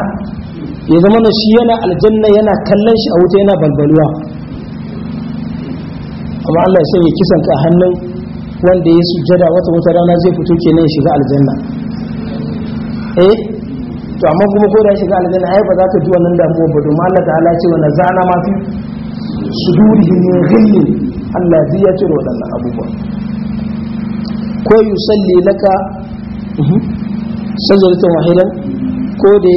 S1: ya zama na shi yana aljanna yana kallon shi a wuta yana balbaluwa. amma Allah ya sanya kisan ka hannun wanda ya sujjada wata wata rana zai fito kenan ya shiga aljanna eh to amma kuma ko da shiga aljanna ai ba za ka ji wannan damuwa ba domin Allah ta'ala ce wa nazana ma fi
S2: sudurihim
S1: min ghillin Allah zai cire abubuwa ko yusalli laka sajadatan wahidan ko da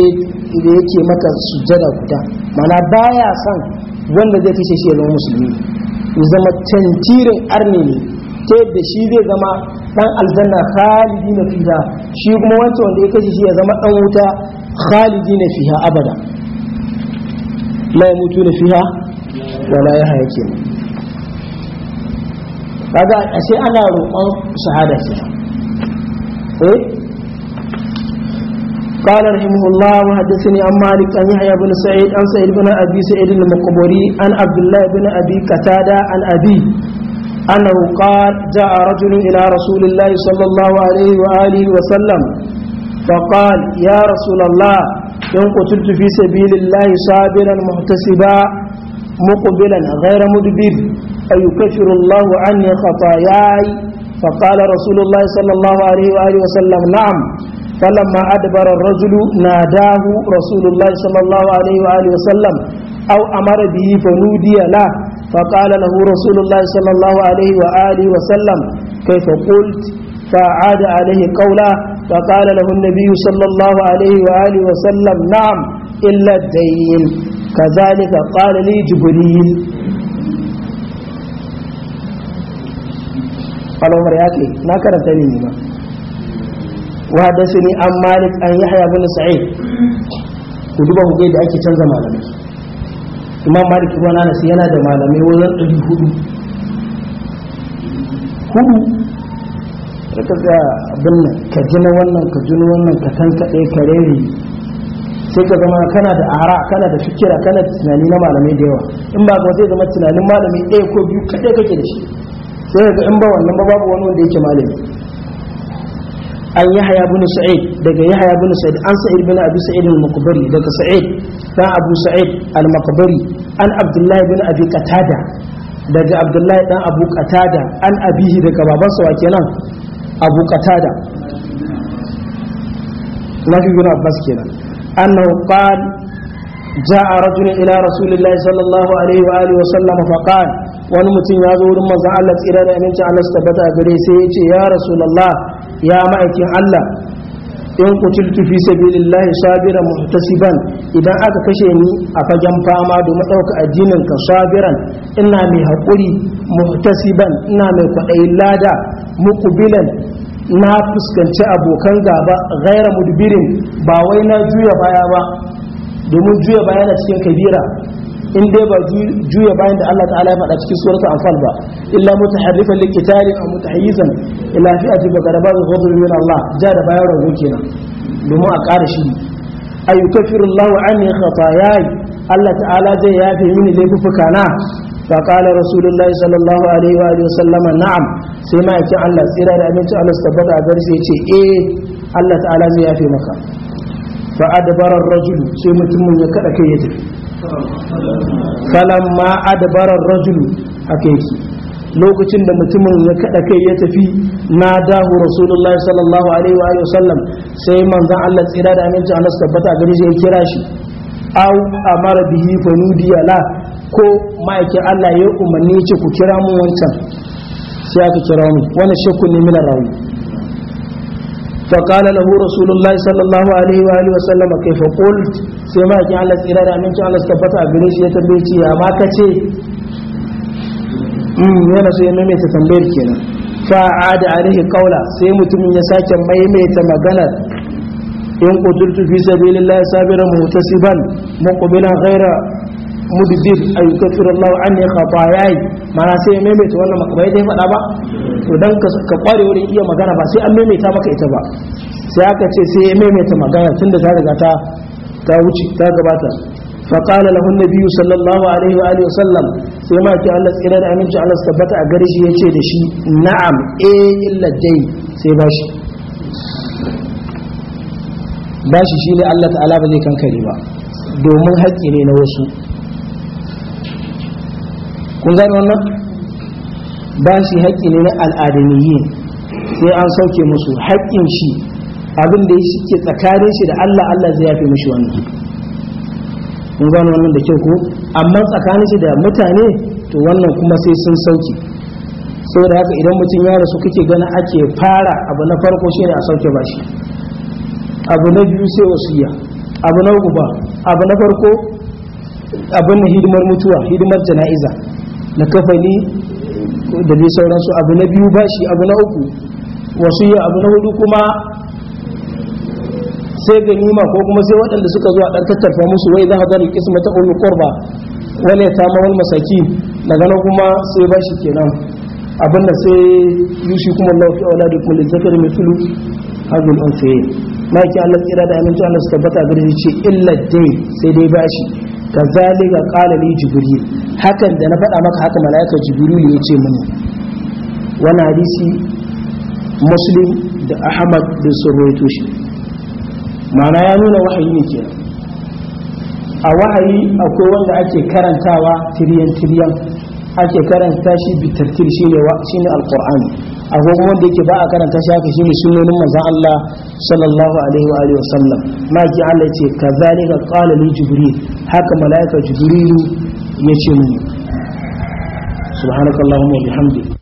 S1: yake maka sujjada guda mana baya san wanda zai kashe shi ya musulmi ya zama tantirin arni ne ta yadda shi zai zama ɗan aljanna khalidi na fiha shi kuma wancan wanda ya kashe shi ya zama ɗan wuta khalidina fiha abada la yamutuna fiha wala yahya kenan kaga ashe ana roƙon shahada ce eh قال رحمه الله وحدثني عن مالك عن يحيى بن سعيد عن سعيد بن ابي سعيد المقبري عن عبد الله بن ابي قتاده عن ابي انه قال جاء رجل الى رسول الله صلى الله عليه واله وسلم فقال يا رسول الله إن قتلت في سبيل الله صابرا محتسبا مقبلا غير مدبر أيكفر الله عني خطاياي فقال رسول الله صلى الله عليه وآله وسلم نعم فلما أدبر الرجل ناداه رسول الله صلى الله عليه وآله وسلم أو أمر به فنودي له فقال له رسول الله صلى الله عليه وآله وسلم كيف قلت فعاد عليه قوله فقال له النبي صلى الله عليه وآله وسلم نعم إلا الدين كذلك قال لي جبريل قال عمر ياكي ما كرتني ما وحدثني عن مالك أن يحيى بن سعيد كتبه قيد أكي تنزم على imam malik ibn anas yana da malamai wajen 400 hudu ka ga abin nan ka ji na wannan ka ji na wannan ka san kaɗe ka rere sai ka zama kana da ara kana da fikira kana da tunani na malamai da yawa in ba ga zai zama tunanin malami ɗaya ko biyu kaɗai kake da shi sai ga in ba wannan ba babu wani wanda yake malami an haya bin sa'id daga haya bin sa'id an sa'id bin abi sa'id al-maqbari daga sa'id dan abu sa'id al-maqbari an Abdullahi bin abi katada daga Abdullahi dan abu katada an abihi daga babansa wa kenan abu qatada nafi bin abbas kenan annahu qala جاء رجل إلى sallallahu الله صلى الله عليه وآله wani mutum ya zo wurin manzon Allah tsira da aminci Allah su tabbata a gare sai ya ce ya Rasulullah ya ma'aikin Allah in kutiltu fi sabilillahi sabiran muhtasiban idan aka kashe ni a fagen fama domin ɗauka addinin ka sabiran ina mai haƙuri muhtasiban ina mai kwaɗayin lada mukubilan na fuskanci abokan gaba gaira mudbirin ba wai na juya baya ba domin juya baya na cikin kabira in dai ba juya bayan da Allah ta'ala ya faɗa cikin suratul anfal ba illa mutaharrifan liqitalin aw mutahayyizan ila fi'ati ba garaba da ghadab min Allah ja da bayan rago kenan domin a ƙara shi ay yukaffiru Allah anni khataayai Allah ta'ala zai yafe mini laifuka na fa qala rasulullah sallallahu alaihi wa alihi na'am sai ma yake Allah tsira da aminci Allah tabbata a garse yace eh Allah ta'ala zai yafe maka fa adbara ar-rajul sai mutumin ya kada kai ya tafi falan ma adabarar rajulu a yake lokacin da mutumin ya kada kai ya tafi na dahu rasulullahi sallallahu alaihi wa sallam sai manzan Allah tsira da aminci nasu tabbata gari sai kira shi au mara bihi fa nudiya la ko ma'aikin Allah ya umarni ce ku kira mu wancan sai aka kira mu wannan shakku ne min فقال له رسول الله صلى الله عليه وآله وسلم كيف قلت سيما جعل الإرادة من جعل استبتع بريش يتبيتي يا ما كتي yana so ya maimaita tambayar kenan fa a alaihi qaula sai mutumin ya sake maimaita maganar in qutultu fi sabilillahi sabiran muhtasiban muqbilan ghaira mudbir ay kafir Allah anni khataayai mana sai maimaita wannan makamai dai faɗa ba to dan ka kware wurin iya magana ba sai an ta maka ita ba sai aka ce sai ya maimaita magana tunda ta riga ta ta wuce ta gabata فقال له nabi sallallahu alaihi wa alihi sallam sai ma ki Allah tsira da aminci Allah tabbata a gare shi yace da shi na'am eh illa dai sai bashi bashi ne Allah ta'ala ba zai kankare ba domin haƙƙi ne na wasu kun gane wannan Ba shi haƙƙi ne na al'adamiyyin sai an sauke musu haƙƙin shi abin da ya ke tsakanin shi da Allah Allah zai yafe mishi wannan kun gane wannan da kyau ko amma tsakanin shi da mutane to wannan kuma sai sun sauke da haka idan mutum ya rasu kake gana ake fara abu na farko shi ne a sauke bashi abu na biyu sai wasiya abu na uku ba abu na farko abin hidimar mutuwa hidimar jana'iza na kafani da dai sauransu abu na biyu bashi abu na uku wasu yi abu na hudu kuma sai ganima ko kuma sai waɗanda suka zo a ɗan tattarfa musu wai za a gani kisma ta ulu kurba wani ta wani masaki daga nan kuma sai bashi kenan abin da sai yushi kuma lauki a wadda kuma lizzakar mai tulu hazin na yake allah tsira da aminci allah su tabbata gari ce illa dai sai dai bashi kazalika kala li jibril hakan da na faɗa maka haka malaika jibril ya ce mini wannan hadisi muslim da ahmad da surwaito shi ma'ana ya nuna wahayi ne ke a wahayi akwai wanda ake karantawa tiriyan tiriyan ake karanta shi bitartil shi ne alqur'ani agogon wanda yake ba a karanta shi haka shine sunanin manzon Allah sallallahu alaihi wa alihi wasallam maki Allah yace kazalika qala li jibril haka malaika jibrilu yace mini subhanakallahumma wa bihamdika